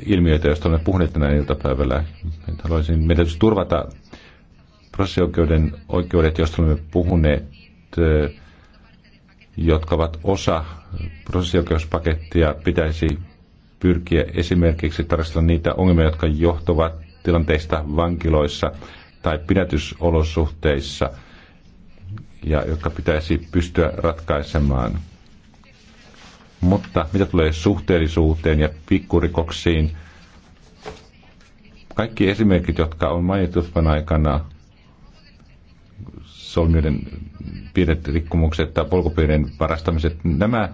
ilmiöitä, joista olemme puhuneet tänä iltapäivällä. Haluaisin, meidän täytyy turvata prosessioikeuden oikeudet, joista olemme puhuneet, jotka ovat osa prosessioikeuspakettia, pitäisi pyrkiä esimerkiksi tarkastella niitä ongelmia, jotka johtuvat tilanteista vankiloissa tai pidätysolosuhteissa ja jotka pitäisi pystyä ratkaisemaan. Mutta mitä tulee suhteellisuuteen ja pikkurikoksiin, kaikki esimerkit, jotka on mainittu aikana, solmioiden pienet rikkomukset tai polkupiirien varastamiset, nämä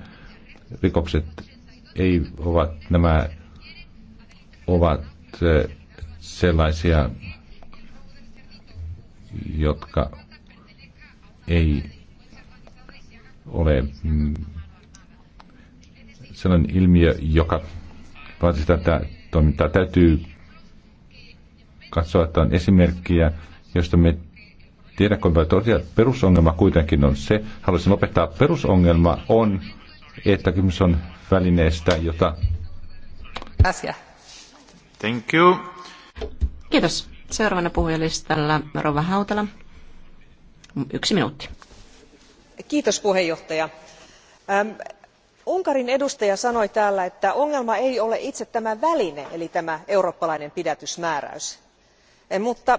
rikokset ei ovat, nämä ovat sellaisia, jotka ei ole mm, sellainen ilmiö, joka vaatii sitä, että toimintaa täytyy katsoa, että on esimerkkiä, josta me tiedä, kuinka perusongelma kuitenkin on se, haluaisin lopettaa, perusongelma on, että kysymys on välineestä, jota... Asia. Thank you. Kiitos. Seuraavana puhujalistalla Rova Hautala. Yksi minuutti. Kiitos puheenjohtaja. Ähm, unkarin edustaja sanoi täällä että ongelma ei ole itse tämä väline eli tämä eurooppalainen pidätysmääräys mutta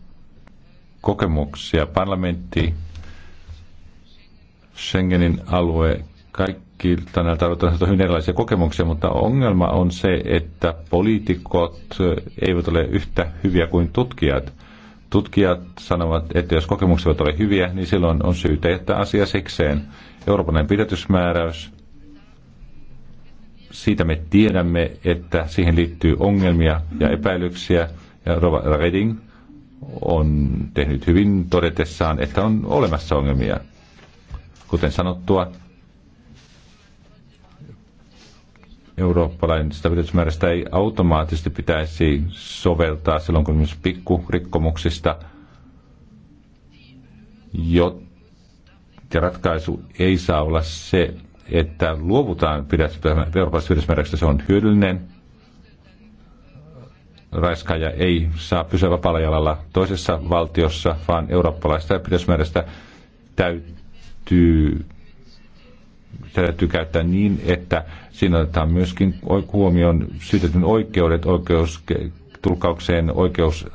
kokemuksia. Parlamentti, Schengenin alue, kaikilta näiltä alueilta hyvin erilaisia kokemuksia, mutta ongelma on se, että poliitikot eivät ole yhtä hyviä kuin tutkijat. Tutkijat sanovat, että jos kokemukset eivät ole hyviä, niin silloin on syytä jättää asia sikseen. Euroopan pidätysmääräys, siitä me tiedämme, että siihen liittyy ongelmia ja epäilyksiä. Ja Rova Reding on tehnyt hyvin todetessaan, että on olemassa ongelmia. Kuten sanottua, eurooppalainen stabiliteettimääräistä ei automaattisesti pitäisi soveltaa silloin, kun esimerkiksi pikkurikkomuksista, jo, ja ratkaisu ei saa olla se, että luovutaan pidättämättä Euroopan yhdysmääräyksestä, se on hyödyllinen, raiskaaja ei saa pysyä vapaa jalalla toisessa valtiossa, vaan eurooppalaista pidäsmääräistä täytyy, täytyy käyttää niin, että siinä otetaan myöskin huomioon syytetyn oikeudet, oikeus tulkaukseen, oikeus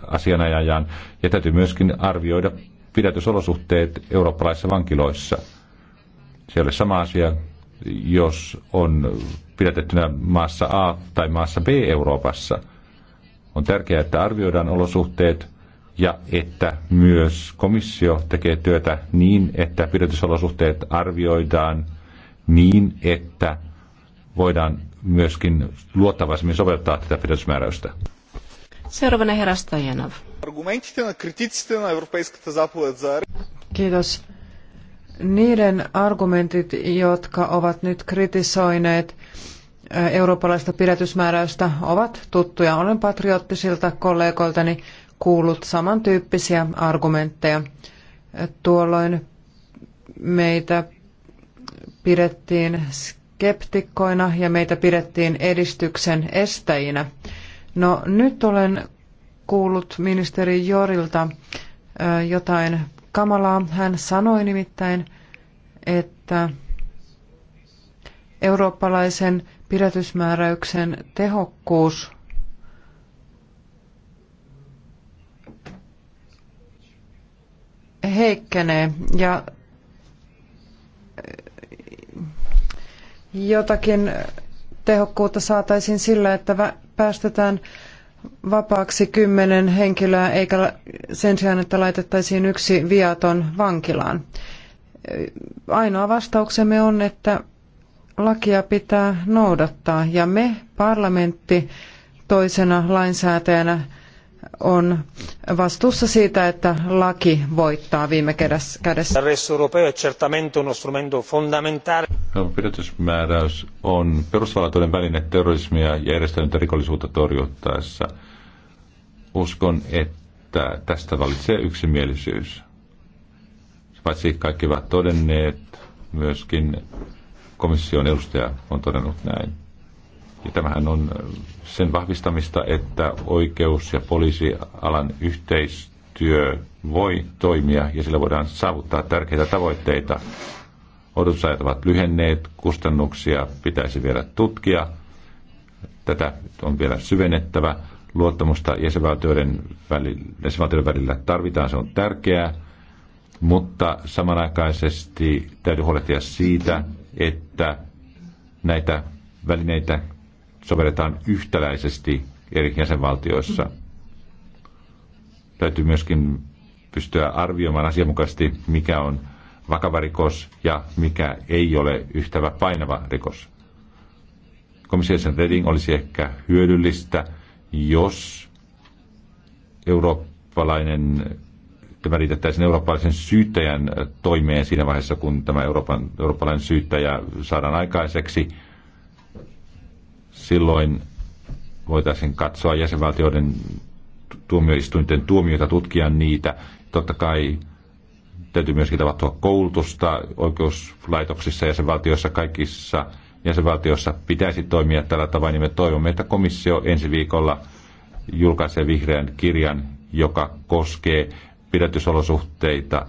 ja täytyy myöskin arvioida pidätysolosuhteet eurooppalaisissa vankiloissa. Se ei ole sama asia, jos on pidätettynä maassa A tai maassa B Euroopassa – on tärkeää, että arvioidaan olosuhteet ja että myös komissio tekee työtä niin, että pidätysolosuhteet arvioidaan niin, että voidaan myöskin luottavaisemmin soveltaa tätä pidätysmääräystä. Seuraavana herra Stajanov. Kiitos. Niiden argumentit, jotka ovat nyt kritisoineet eurooppalaista pidätysmääräystä ovat tuttuja. Olen patrioottisilta kollegoiltani kuullut samantyyppisiä argumentteja. Tuolloin meitä pidettiin skeptikkoina ja meitä pidettiin edistyksen estäjinä. No nyt olen kuullut ministeri Jorilta jotain kamalaa. Hän sanoi nimittäin, että eurooppalaisen pidätysmääräyksen tehokkuus heikkenee ja eh, jotakin tehokkuutta saataisiin sillä, että päästetään vapaaksi kymmenen henkilöä, eikä sen sijaan, että laitettaisiin yksi viaton vankilaan. Eh, ainoa vastauksemme on, että lakia pitää noudattaa ja me parlamentti toisena lainsäätäjänä on vastuussa siitä, että laki voittaa viime kädessä. Pidätysmääräys on perusvaltojen väline terrorismia ja järjestäytynyttä rikollisuutta torjuttaessa. Uskon, että tästä valitsee yksimielisyys. Paitsi kaikki ovat todenneet myöskin komission edustaja on todennut näin. Ja tämähän on sen vahvistamista, että oikeus- ja poliisialan yhteistyö voi toimia ja sillä voidaan saavuttaa tärkeitä tavoitteita. Odotusajat ovat lyhenneet, kustannuksia pitäisi vielä tutkia, tätä on vielä syvennettävä. Luottamusta jäsenvaltioiden välillä, jäsenvaltioiden välillä tarvitaan, se on tärkeää, mutta samanaikaisesti täytyy huolehtia siitä, että näitä välineitä sovelletaan yhtäläisesti eri jäsenvaltioissa. Täytyy myöskin pystyä arvioimaan asianmukaisesti, mikä on vakava rikos ja mikä ei ole yhtävä painava rikos. Komission Reding olisi ehkä hyödyllistä, jos eurooppalainen välitettäisiin eurooppalaisen syyttäjän toimeen siinä vaiheessa, kun tämä Euroopan, eurooppalainen syyttäjä saadaan aikaiseksi. Silloin voitaisiin katsoa jäsenvaltioiden tuomioistuinten tuomioita, tutkia niitä. Totta kai täytyy myöskin tapahtua koulutusta oikeuslaitoksissa ja jäsenvaltioissa kaikissa jäsenvaltioissa pitäisi toimia tällä tavalla, niin me toivomme, että komissio ensi viikolla julkaisee vihreän kirjan, joka koskee pidätysolosuhteita,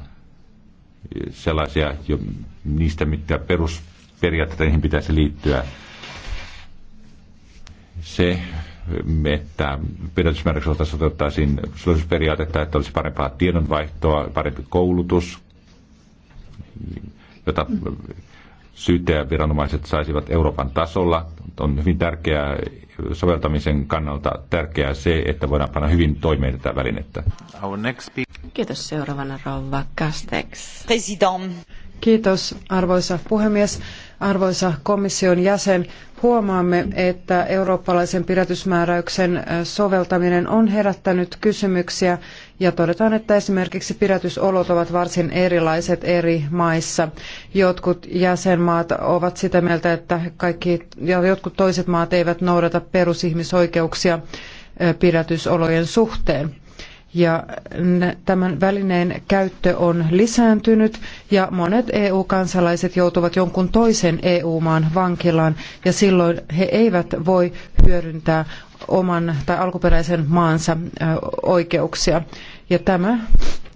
sellaisia jo niistä, mitä perusperiaatteihin pitäisi liittyä. Se, että pidätysmääräyksellä soteuttaisiin suositusperiaatetta, että olisi parempaa tiedonvaihtoa, parempi koulutus, jota syyttäjäviranomaiset saisivat Euroopan tasolla. On hyvin tärkeää, soveltamisen kannalta tärkeää se, että voidaan panna hyvin toimeen tätä välinettä. Kiitos seuraavana rouva Castex. President. Kiitos arvoisa puhemies. Arvoisa komission jäsen, huomaamme, että eurooppalaisen pidätysmääräyksen soveltaminen on herättänyt kysymyksiä ja todetaan, että esimerkiksi pidätysolot ovat varsin erilaiset eri maissa. Jotkut jäsenmaat ovat sitä mieltä, että kaikki, ja jotkut toiset maat eivät noudata perusihmisoikeuksia pidätysolojen suhteen ja tämän välineen käyttö on lisääntynyt ja monet EU-kansalaiset joutuvat jonkun toisen EU-maan vankilaan ja silloin he eivät voi hyödyntää oman tai alkuperäisen maansa oikeuksia. Ja tämä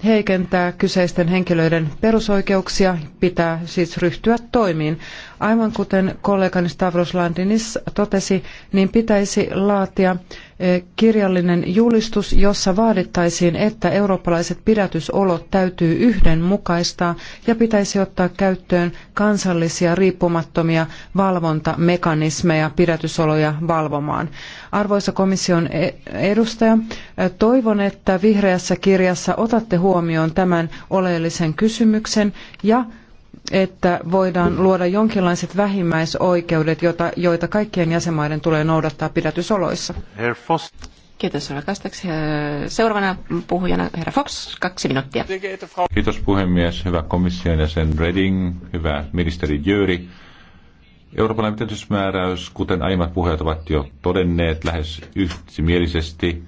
heikentää kyseisten henkilöiden perusoikeuksia, pitää siis ryhtyä toimiin. Aivan kuten kollegani Stavros Landinis totesi, niin pitäisi laatia eh, kirjallinen julistus, jossa vaadittaisiin, että eurooppalaiset pidätysolot täytyy yhdenmukaistaa ja pitäisi ottaa käyttöön kansallisia riippumattomia valvontamekanismeja pidätysoloja valvomaan. Arvoisa komission e-, edustaja, eh, toivon, että vihreässä kirjassa otatte huomioon tämän oleellisen kysymyksen ja että voidaan luoda jonkinlaiset vähimmäisoikeudet, joita kaikkien jäsenmaiden tulee noudattaa pidätysoloissa. Kiitos rakastaksi. Seuraavana puhujana herra Fox, kaksi minuuttia. Kiitos puhemies, hyvä komission jäsen Reding, hyvä ministeri Jöri. Euroopan mitoitusmääräys, kuten aiemmat puheet ovat jo todenneet lähes yksimielisesti,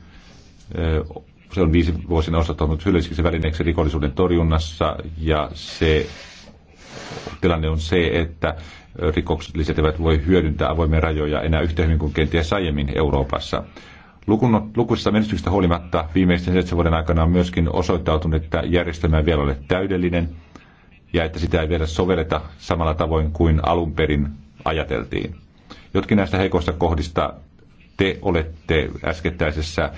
se on viisi vuosina osoittanut hyödylliseksi välineeksi rikollisuuden torjunnassa ja se tilanne on se, että rikokselliset eivät voi hyödyntää avoimia rajoja enää yhtä hyvin kuin kenties aiemmin Euroopassa. lukuisista menestyksistä huolimatta viimeisten seitsemän vuoden aikana on myöskin osoittautunut, että järjestelmä ei vielä ole täydellinen ja että sitä ei vielä sovelleta samalla tavoin kuin alun perin ajateltiin. Jotkin näistä heikoista kohdista te olette äskettäisessä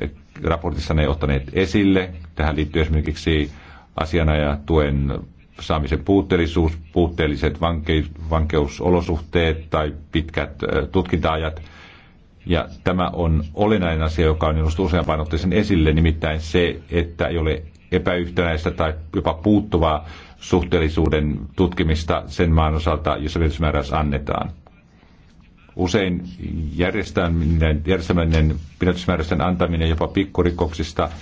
eh, raportissa ne ottaneet esille. Tähän liittyy esimerkiksi asianajatuen saamisen puutteellisuus, puutteelliset vanke, vankeusolosuhteet tai pitkät tutkintaajat. Ja tämä on olennainen asia, joka on minusta useampaan otteeseen esille, nimittäin se, että ei ole epäyhtenäistä tai jopa puuttuvaa suhteellisuuden tutkimista sen maan osalta, jossa vietysmääräys annetaan. Usein järjestäminen, järjestäminen pidätysmääräysten antaminen jopa pikkurikoksista –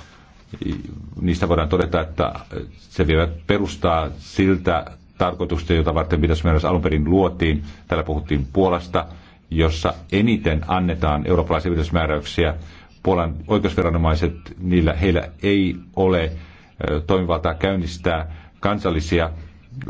niistä voidaan todeta, että se vielä perustaa siltä tarkoitusta, jota varten pitäisi myös alun perin luotiin. Täällä puhuttiin Puolasta, jossa eniten annetaan eurooppalaisia viitosmääräyksiä. Puolan oikeusviranomaiset, niillä, heillä ei ole toimivaltaa käynnistää kansallisia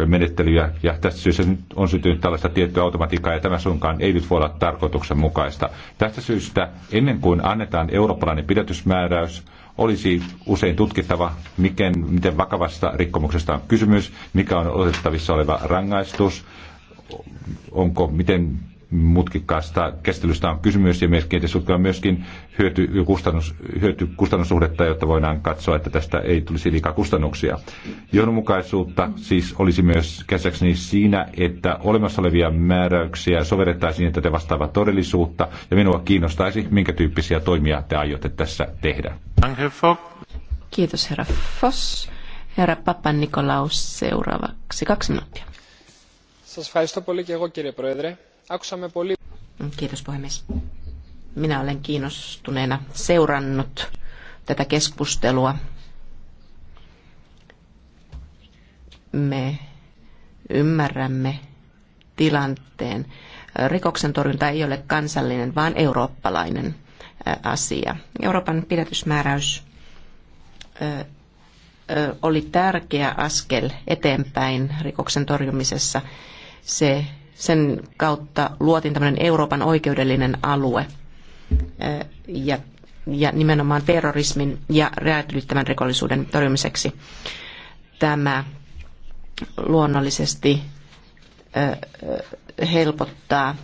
menettelyjä, ja tästä syystä on syntynyt tällaista tiettyä automatiikkaa, ja tämä suinkaan ei nyt voi olla tarkoituksenmukaista. Tästä syystä, ennen kuin annetaan eurooppalainen pidätysmääräys, olisi usein tutkittava, miten, miten vakavasta rikkomuksesta on kysymys, mikä on otettavissa oleva rangaistus, onko, miten mutkikkaasta kestelystä on kysymys ja myöskin on myöskin hyöty, kustannus, hyöty, kustannussuhdetta, jotta voidaan katsoa, että tästä ei tulisi liikaa kustannuksia. Johdonmukaisuutta siis olisi myös käsittääkseni siinä, että olemassa olevia määräyksiä sovellettaisiin, niin, että te vastaavat todellisuutta ja minua kiinnostaisi, minkä tyyppisiä toimia te aiotte tässä tehdä. Kiitos herra Foss. Herra Papa Nikolaus seuraavaksi kaksi minuuttia. Σας ευχαριστώ πολύ και εγώ κύριε Πρόεδρε. Kiitos puhemies. Minä olen kiinnostuneena seurannut tätä keskustelua. Me ymmärrämme tilanteen. Rikoksen torjunta ei ole kansallinen, vaan eurooppalainen asia. Euroopan pidätysmääräys oli tärkeä askel eteenpäin rikoksen torjumisessa. Se sen kautta luotiin tämmöinen Euroopan oikeudellinen alue eh, ja, ja nimenomaan terrorismin ja räätyyttävän rikollisuuden torjumiseksi. Tämä luonnollisesti eh, eh, helpottaa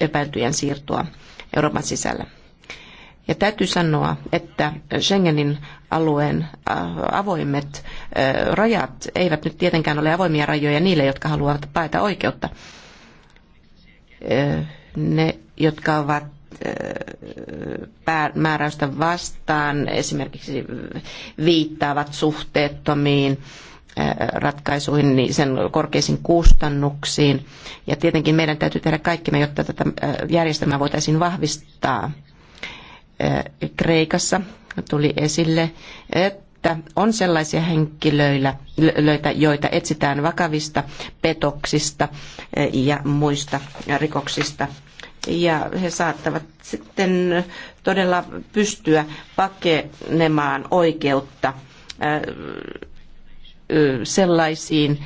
epäiltyjen siirtoa Euroopan sisällä. Ja täytyy sanoa, että Schengenin alueen äh, avoimet äh, rajat eivät nyt tietenkään ole avoimia rajoja niille, jotka haluavat paeta oikeutta. Äh, ne, jotka ovat määräystä vastaan, esimerkiksi viittaavat suhteettomiin ratkaisuihin, niin sen korkeisiin kustannuksiin. Ja tietenkin meidän täytyy tehdä kaikkemme, jotta tätä järjestelmää voitaisiin vahvistaa Kreikassa tuli esille, että on sellaisia henkilöitä, joita etsitään vakavista petoksista ja muista rikoksista. Ja he saattavat sitten todella pystyä pakenemaan oikeutta sellaisiin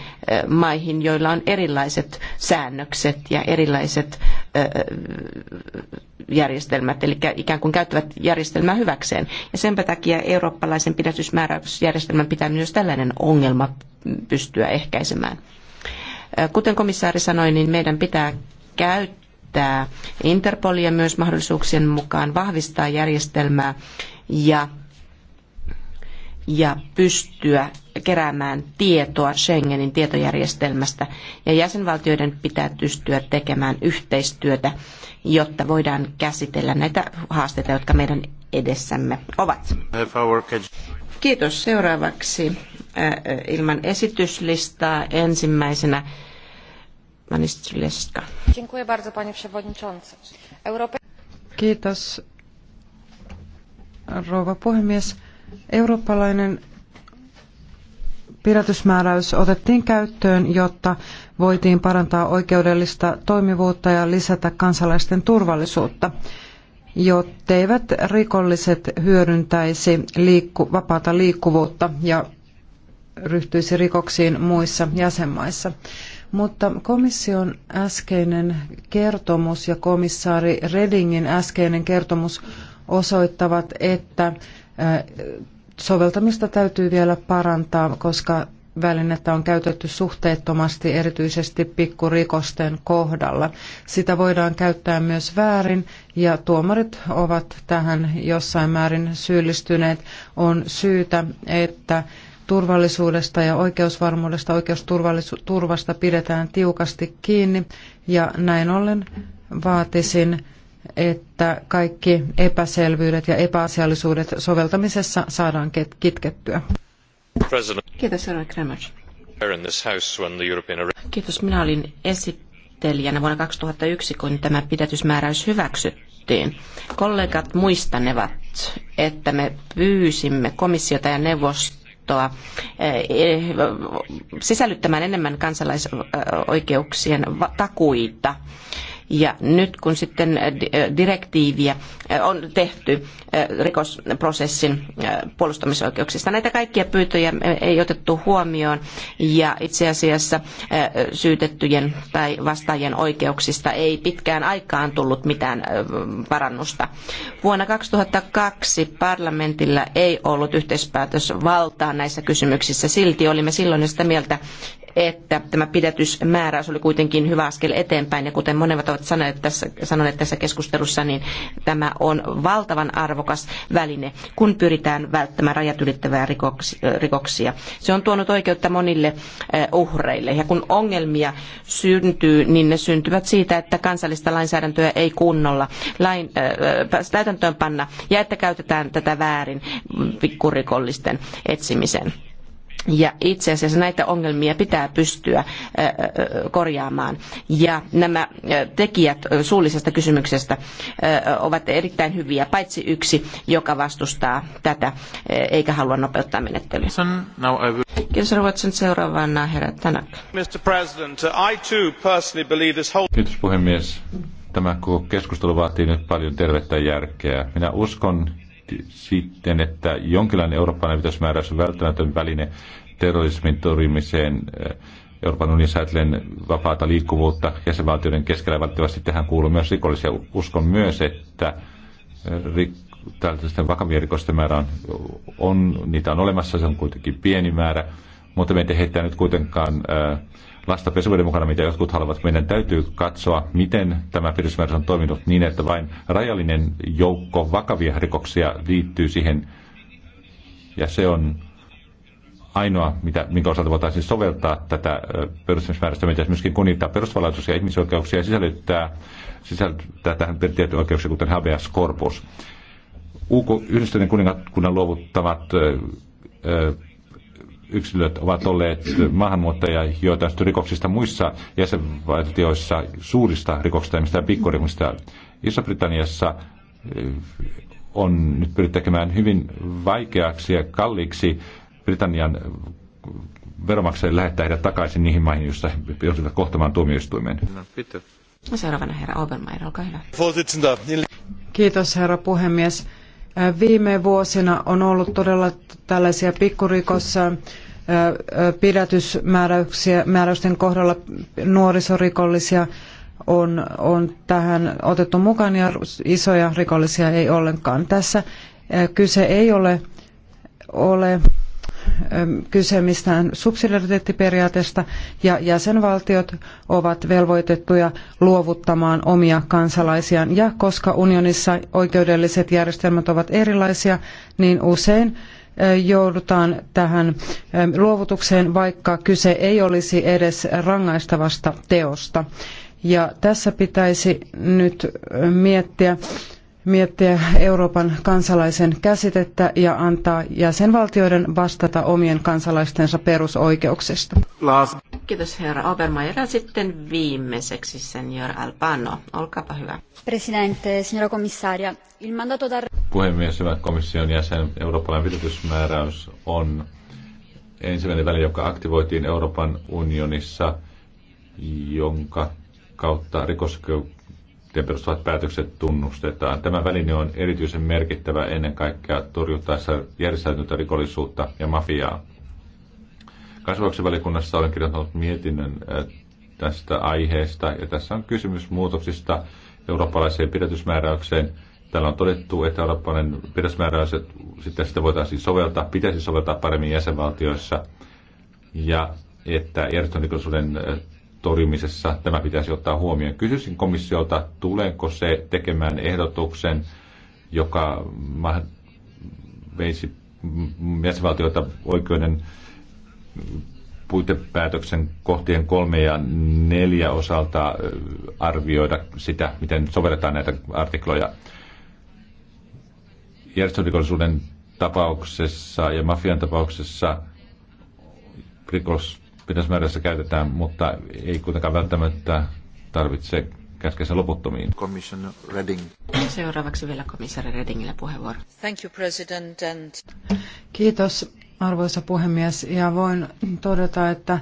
maihin, joilla on erilaiset säännökset ja erilaiset järjestelmät, eli ikään kuin käyttävät järjestelmää hyväkseen. Ja senpä takia eurooppalaisen pidätysmääräysjärjestelmän pitää myös tällainen ongelma pystyä ehkäisemään. Kuten komissaari sanoi, niin meidän pitää käyttää Interpolia myös mahdollisuuksien mukaan vahvistaa järjestelmää ja ja pystyä keräämään tietoa Schengenin tietojärjestelmästä. Ja jäsenvaltioiden pitää pystyä tekemään yhteistyötä, jotta voidaan käsitellä näitä haasteita, jotka meidän edessämme ovat. Kiitos. Seuraavaksi äh, ilman esityslistaa ensimmäisenä Manistrileska. Kiitos, rouva puhemies. Eurooppalainen pidätysmääräys otettiin käyttöön, jotta voitiin parantaa oikeudellista toimivuutta ja lisätä kansalaisten turvallisuutta, jotteivät rikolliset hyödyntäisi liikku, vapaata liikkuvuutta ja ryhtyisi rikoksiin muissa jäsenmaissa. Mutta komission äskeinen kertomus ja komissaari Redingin äskeinen kertomus osoittavat, että Soveltamista täytyy vielä parantaa, koska välinettä on käytetty suhteettomasti erityisesti pikkurikosten kohdalla. Sitä voidaan käyttää myös väärin ja tuomarit ovat tähän jossain määrin syyllistyneet. On syytä, että turvallisuudesta ja oikeusvarmuudesta, oikeusturvasta pidetään tiukasti kiinni ja näin ollen vaatisin että kaikki epäselvyydet ja epäasiallisuudet soveltamisessa saadaan kitkettyä. Kiitos, Kiitos. Minä olin esittelijänä vuonna 2001, kun tämä pidätysmääräys hyväksyttiin. Kollegat muistanevat, että me pyysimme komissiota ja neuvostoa eh, eh, sisällyttämään enemmän kansalaisoikeuksien takuita ja nyt kun sitten äh, äh, direktiiviä äh, on tehty rikosprosessin puolustamisoikeuksista, näitä kaikkia pyyntöjä ei otettu huomioon ja itse asiassa syytettyjen tai vastaajien oikeuksista ei pitkään aikaan tullut mitään parannusta. Vuonna 2002 parlamentilla ei ollut yhteispäätösvaltaa näissä kysymyksissä. Silti olimme silloin jo sitä mieltä, että tämä pidätysmääräys oli kuitenkin hyvä askel eteenpäin ja kuten monet ovat ovat sanoneet tässä, sanoneet tässä keskustelussa, niin tämä on valtavan arvokas väline, kun pyritään välttämään rajat ylittäviä rikoksia. Se on tuonut oikeutta monille eh, uhreille. Ja kun ongelmia syntyy, niin ne syntyvät siitä, että kansallista lainsäädäntöä ei kunnolla lain, äh, eh, eh, täytäntöön panna ja että käytetään tätä väärin pikkurikollisten etsimiseen. Ja itse asiassa näitä ongelmia pitää pystyä korjaamaan. Ja nämä tekijät suullisesta kysymyksestä ovat erittäin hyviä, paitsi yksi, joka vastustaa tätä eikä halua nopeuttaa menettelyä. Kiitos Ruotsin seuraavana herra Kiitos puhemies. Tämä keskustelu vaatii nyt paljon tervettä järkeä. Minä uskon sitten, että jonkinlainen eurooppalainen pitäysmääräys on välttämätön väline terrorismin torjumiseen. Euroopan unionin säätelen vapaata liikkuvuutta jäsenvaltioiden keskellä valitettavasti tähän kuuluu myös rikollisia. Uskon myös, että tällaisten vakavien rikosten määrä on, on, niitä on olemassa, se on kuitenkin pieni määrä, mutta me ei nyt kuitenkaan äh, pesuveden mukana, mitä jotkut haluavat. Meidän täytyy katsoa, miten tämä pidysmääräys on toiminut niin, että vain rajallinen joukko vakavia rikoksia liittyy siihen. Ja se on ainoa, mitä, minkä osalta voitaisiin soveltaa tätä perusmäärästä, mitä siis myöskin kunnittaa perusvalaisuus ja ihmisoikeuksia ja sisällyttää, sisällyttää tähän tiettyjä oikeuksia, kuten habeas corpus. UK, yhdistyneen kuningakunnan luovuttavat ö, ö, yksilöt ovat olleet maahanmuuttajia, joita on rikoksista muissa jäsenvaltioissa, suurista rikoksista, mistä pikkurikoksista. Iso-Britanniassa eh, on nyt pyritty tekemään hyvin vaikeaksi ja kalliiksi Britannian veromaksajille lähettää heidät takaisin niihin maihin, joissa he joutuvat kohtamaan tuomioistuimeen. Seuraavana herra Obermeier, olkaa hyvä. Kiitos herra puhemies. Viime vuosina on ollut todella tällaisia pikkurikossa pidätysmääräysten kohdalla nuorisorikollisia on, on tähän otettu mukaan ja isoja rikollisia ei ollenkaan. Tässä kyse ei ole, ole kyse mistään subsidiariteettiperiaatesta ja jäsenvaltiot ovat velvoitettuja luovuttamaan omia kansalaisiaan. Ja koska unionissa oikeudelliset järjestelmät ovat erilaisia, niin usein joudutaan tähän luovutukseen, vaikka kyse ei olisi edes rangaistavasta teosta. Ja tässä pitäisi nyt miettiä, miettiä Euroopan kansalaisen käsitettä ja antaa jäsenvaltioiden vastata omien kansalaistensa perusoikeuksista. Last. Kiitos herra Obermeier. Sitten viimeiseksi senior Albano. Olkaapa hyvä. Presidente, signora commissaria, il mandato dar... Puhemies, hyvä komission jäsen, Euroopan viritysmääräys on ensimmäinen väli, joka aktivoitiin Euroopan unionissa, jonka kautta rikosoikeuden ja perustuvat päätökset tunnustetaan. Tämä väline on erityisen merkittävä ennen kaikkea torjuttaessa järjestäytynyttä rikollisuutta ja mafiaa. Kasvauksen valikunnassa olen kirjoittanut mietinnön äh, tästä aiheesta, ja tässä on kysymys muutoksista eurooppalaiseen pidätysmääräykseen. Täällä on todettu, että eurooppalainen pidätysmääräys, sitten sitä voitaisiin soveltaa, pitäisi soveltaa paremmin jäsenvaltioissa, ja että järjestörikollisuuden äh, torjumisessa tämä pitäisi ottaa huomioon. Kysyisin komissiolta, tuleeko se tekemään ehdotuksen, joka veisi jäsenvaltioita oikeuden puitepäätöksen kohtien kolme ja neljä osalta arvioida sitä, miten sovelletaan näitä artikloja. Järjestörikollisuuden tapauksessa ja mafian tapauksessa rikos määrässä käytetään, mutta ei kuitenkaan välttämättä tarvitse käskeä sen loputtomiin. Redding. Seuraavaksi vielä komissaari Redingille puheenvuoro. Thank you, President. And... Kiitos arvoisa puhemies ja voin todeta, että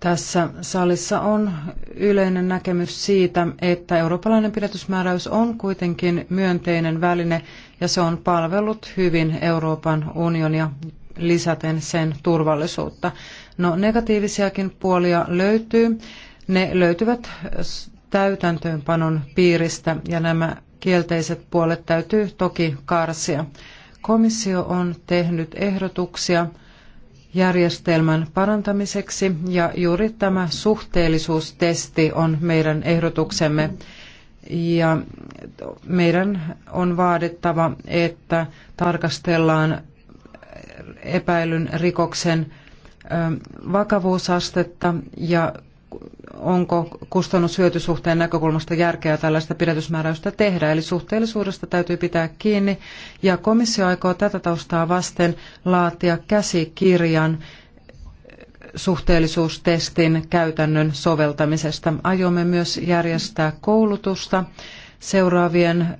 tässä salissa on yleinen näkemys siitä, että eurooppalainen pidätysmääräys on kuitenkin myönteinen väline ja se on palvellut hyvin Euroopan unionia lisäten sen turvallisuutta. No negatiivisiakin puolia löytyy. Ne löytyvät täytäntöönpanon piiristä ja nämä kielteiset puolet täytyy toki karsia. Komissio on tehnyt ehdotuksia järjestelmän parantamiseksi ja juuri tämä suhteellisuustesti on meidän ehdotuksemme. Ja meidän on vaadittava, että tarkastellaan epäilyn rikoksen vakavuusastetta ja onko kustannushyötysuhteen näkökulmasta järkeä tällaista pidätysmääräystä tehdä. Eli suhteellisuudesta täytyy pitää kiinni ja komissio aikoo tätä taustaa vasten laatia käsikirjan suhteellisuustestin käytännön soveltamisesta. Aiomme myös järjestää koulutusta seuraavien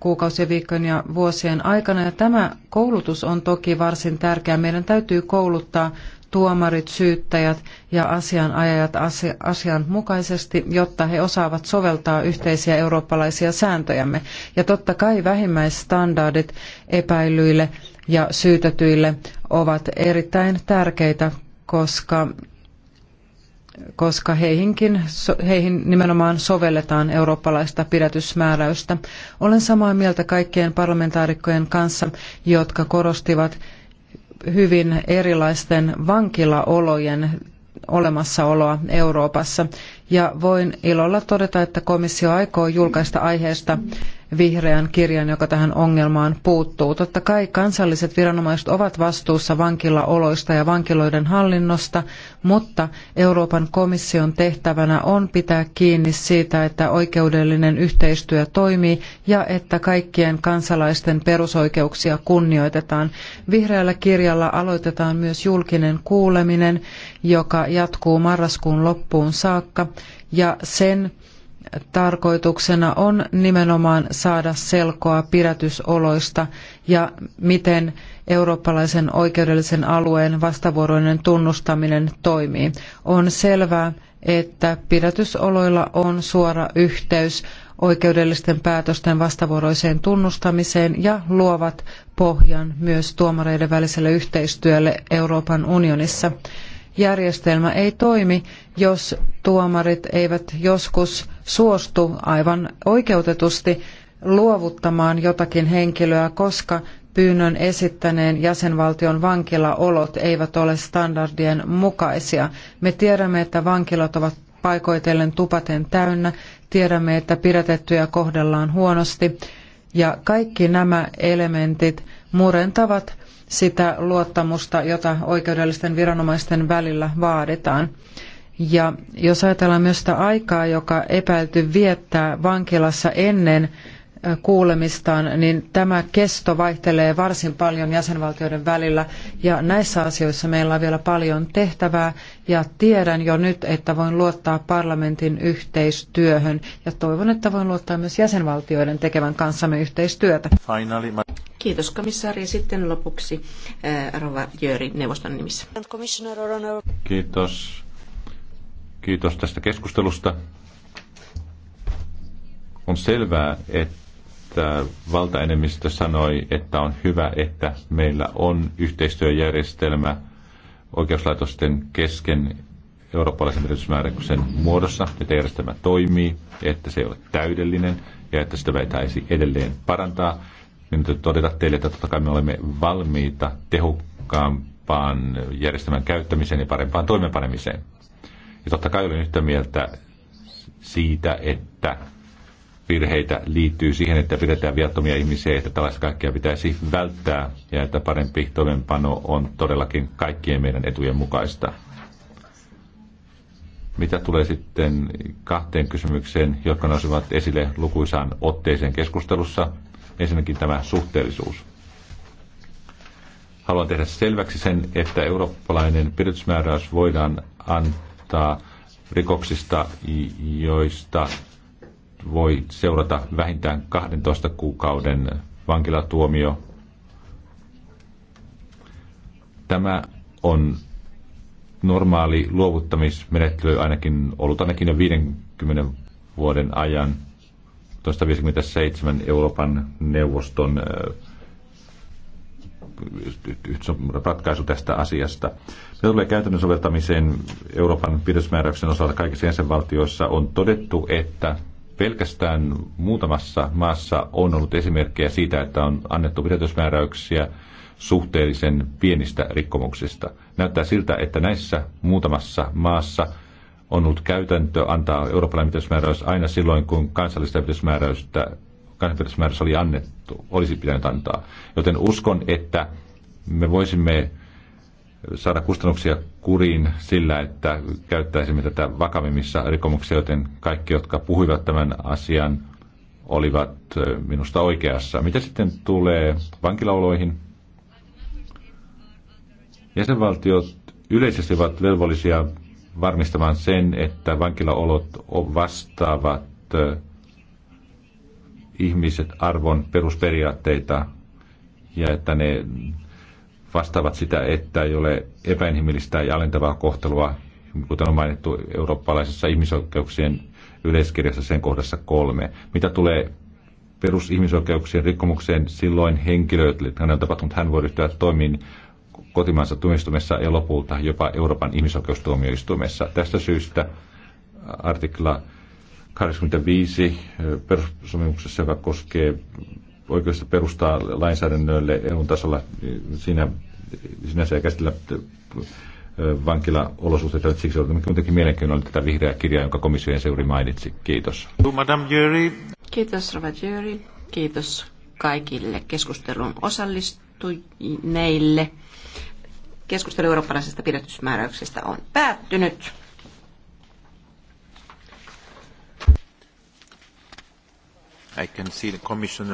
kuukausien, viikkojen ja vuosien aikana. Ja tämä koulutus on toki varsin tärkeää. Meidän täytyy kouluttaa tuomarit, syyttäjät ja asianajajat asianmukaisesti, jotta he osaavat soveltaa yhteisiä eurooppalaisia sääntöjämme. Ja totta kai vähimmäisstandardit epäilyille ja syytetyille ovat erittäin tärkeitä, koska koska heihinkin, heihin nimenomaan sovelletaan eurooppalaista pidätysmääräystä. Olen samaa mieltä kaikkien parlamentaarikkojen kanssa, jotka korostivat hyvin erilaisten vankilaolojen olemassaoloa Euroopassa. Ja voin ilolla todeta, että komissio aikoo julkaista aiheesta vihreän kirjan, joka tähän ongelmaan puuttuu. Totta kai kansalliset viranomaiset ovat vastuussa vankilaoloista ja vankiloiden hallinnosta, mutta Euroopan komission tehtävänä on pitää kiinni siitä, että oikeudellinen yhteistyö toimii ja että kaikkien kansalaisten perusoikeuksia kunnioitetaan. Vihreällä kirjalla aloitetaan myös julkinen kuuleminen, joka jatkuu marraskuun loppuun saakka ja sen tarkoituksena on nimenomaan saada selkoa pidätysoloista ja miten eurooppalaisen oikeudellisen alueen vastavuoroinen tunnustaminen toimii. On selvää, että pidätysoloilla on suora yhteys oikeudellisten päätösten vastavuoroiseen tunnustamiseen ja luovat pohjan myös tuomareiden väliselle yhteistyölle Euroopan unionissa. Järjestelmä ei toimi, jos tuomarit eivät joskus suostu aivan oikeutetusti luovuttamaan jotakin henkilöä, koska pyynnön esittäneen jäsenvaltion vankilaolot eivät ole standardien mukaisia. Me tiedämme, että vankilat ovat paikoitellen tupaten täynnä, tiedämme, että pidätettyjä kohdellaan huonosti ja kaikki nämä elementit murentavat sitä luottamusta, jota oikeudellisten viranomaisten välillä vaaditaan. Ja jos ajatellaan myös sitä aikaa, joka epäilty viettää vankilassa ennen kuulemistaan, niin tämä kesto vaihtelee varsin paljon jäsenvaltioiden välillä ja näissä asioissa meillä on vielä paljon tehtävää ja tiedän jo nyt, että voin luottaa parlamentin yhteistyöhön ja toivon, että voin luottaa myös jäsenvaltioiden tekevän kanssamme yhteistyötä. Kiitos komissaari. Sitten lopuksi Rova Jöri neuvoston nimissä. Kiitos Kiitos tästä keskustelusta. On selvää, että valtaenemmistö sanoi, että on hyvä, että meillä on yhteistyöjärjestelmä oikeuslaitosten kesken eurooppalaisen yritysmääräyksen muodossa, että järjestelmä toimii, että se ei ole täydellinen ja että sitä väitäisi edelleen parantaa. Niin täytyy todeta teille, että totta kai me olemme valmiita tehokkaampaan järjestelmän käyttämiseen ja parempaan toimeenpanemiseen. Ja totta kai olen yhtä mieltä siitä, että virheitä liittyy siihen, että pidetään viattomia ihmisiä, että tällaista kaikkea pitäisi välttää ja että parempi toimenpano on todellakin kaikkien meidän etujen mukaista. Mitä tulee sitten kahteen kysymykseen, jotka nousivat esille lukuisaan otteeseen keskustelussa, ensinnäkin tämä suhteellisuus. Haluan tehdä selväksi sen, että eurooppalainen pidätysmääräys voidaan antaa vastaa rikoksista, joista voi seurata vähintään 12 kuukauden vankilatuomio. Tämä on normaali luovuttamismenettely ainakin ollut ainakin jo 50 vuoden ajan. 1957 Euroopan neuvoston ratkaisu tästä asiasta. Me tulee käytännön soveltamiseen Euroopan pidätysmääräyksen osalta kaikissa jäsenvaltioissa on todettu, että pelkästään muutamassa maassa on ollut esimerkkejä siitä, että on annettu pidätysmääräyksiä suhteellisen pienistä rikkomuksista. Näyttää siltä, että näissä muutamassa maassa on ollut käytäntö antaa eurooppalainen pidätysmääräys aina silloin, kun kansallista pidätysmääräystä kansanterveysmääräys oli annettu, olisi pitänyt antaa. Joten uskon, että me voisimme saada kustannuksia kuriin sillä, että käyttäisimme tätä vakavimmissa rikomuksissa, joten kaikki, jotka puhuivat tämän asian, olivat minusta oikeassa. Mitä sitten tulee vankilaoloihin? Jäsenvaltiot yleisesti ovat velvollisia varmistamaan sen, että vankilaolot vastaavat ihmiset arvon perusperiaatteita ja että ne vastaavat sitä, että ei ole epäinhimillistä ja alentavaa kohtelua, kuten on mainittu eurooppalaisessa ihmisoikeuksien yleiskirjassa sen kohdassa kolme. Mitä tulee perusihmisoikeuksien rikkomukseen, silloin henkilö, hänen on tapahtunut, hän voi ryhtyä toimiin kotimaansa tuomioistuimessa ja lopulta jopa Euroopan ihmisoikeustuomioistuimessa. Tästä syystä artikla 85 perussopimuksessa, joka koskee oikeudesta perustaa lainsäädännölle EUn tasolla. Siinä sinänsä ei käsitellä vankilaolosuhteita, nyt siksi olemme kuitenkin mielenkiinnolla tätä vihreää kirjaa, jonka komission seuri mainitsi. Kiitos. Kiitos, Rova Jury. Kiitos kaikille keskustelun osallistuneille. Keskustelu eurooppalaisesta pidätysmääräyksestä on päättynyt. I can see the commissioner.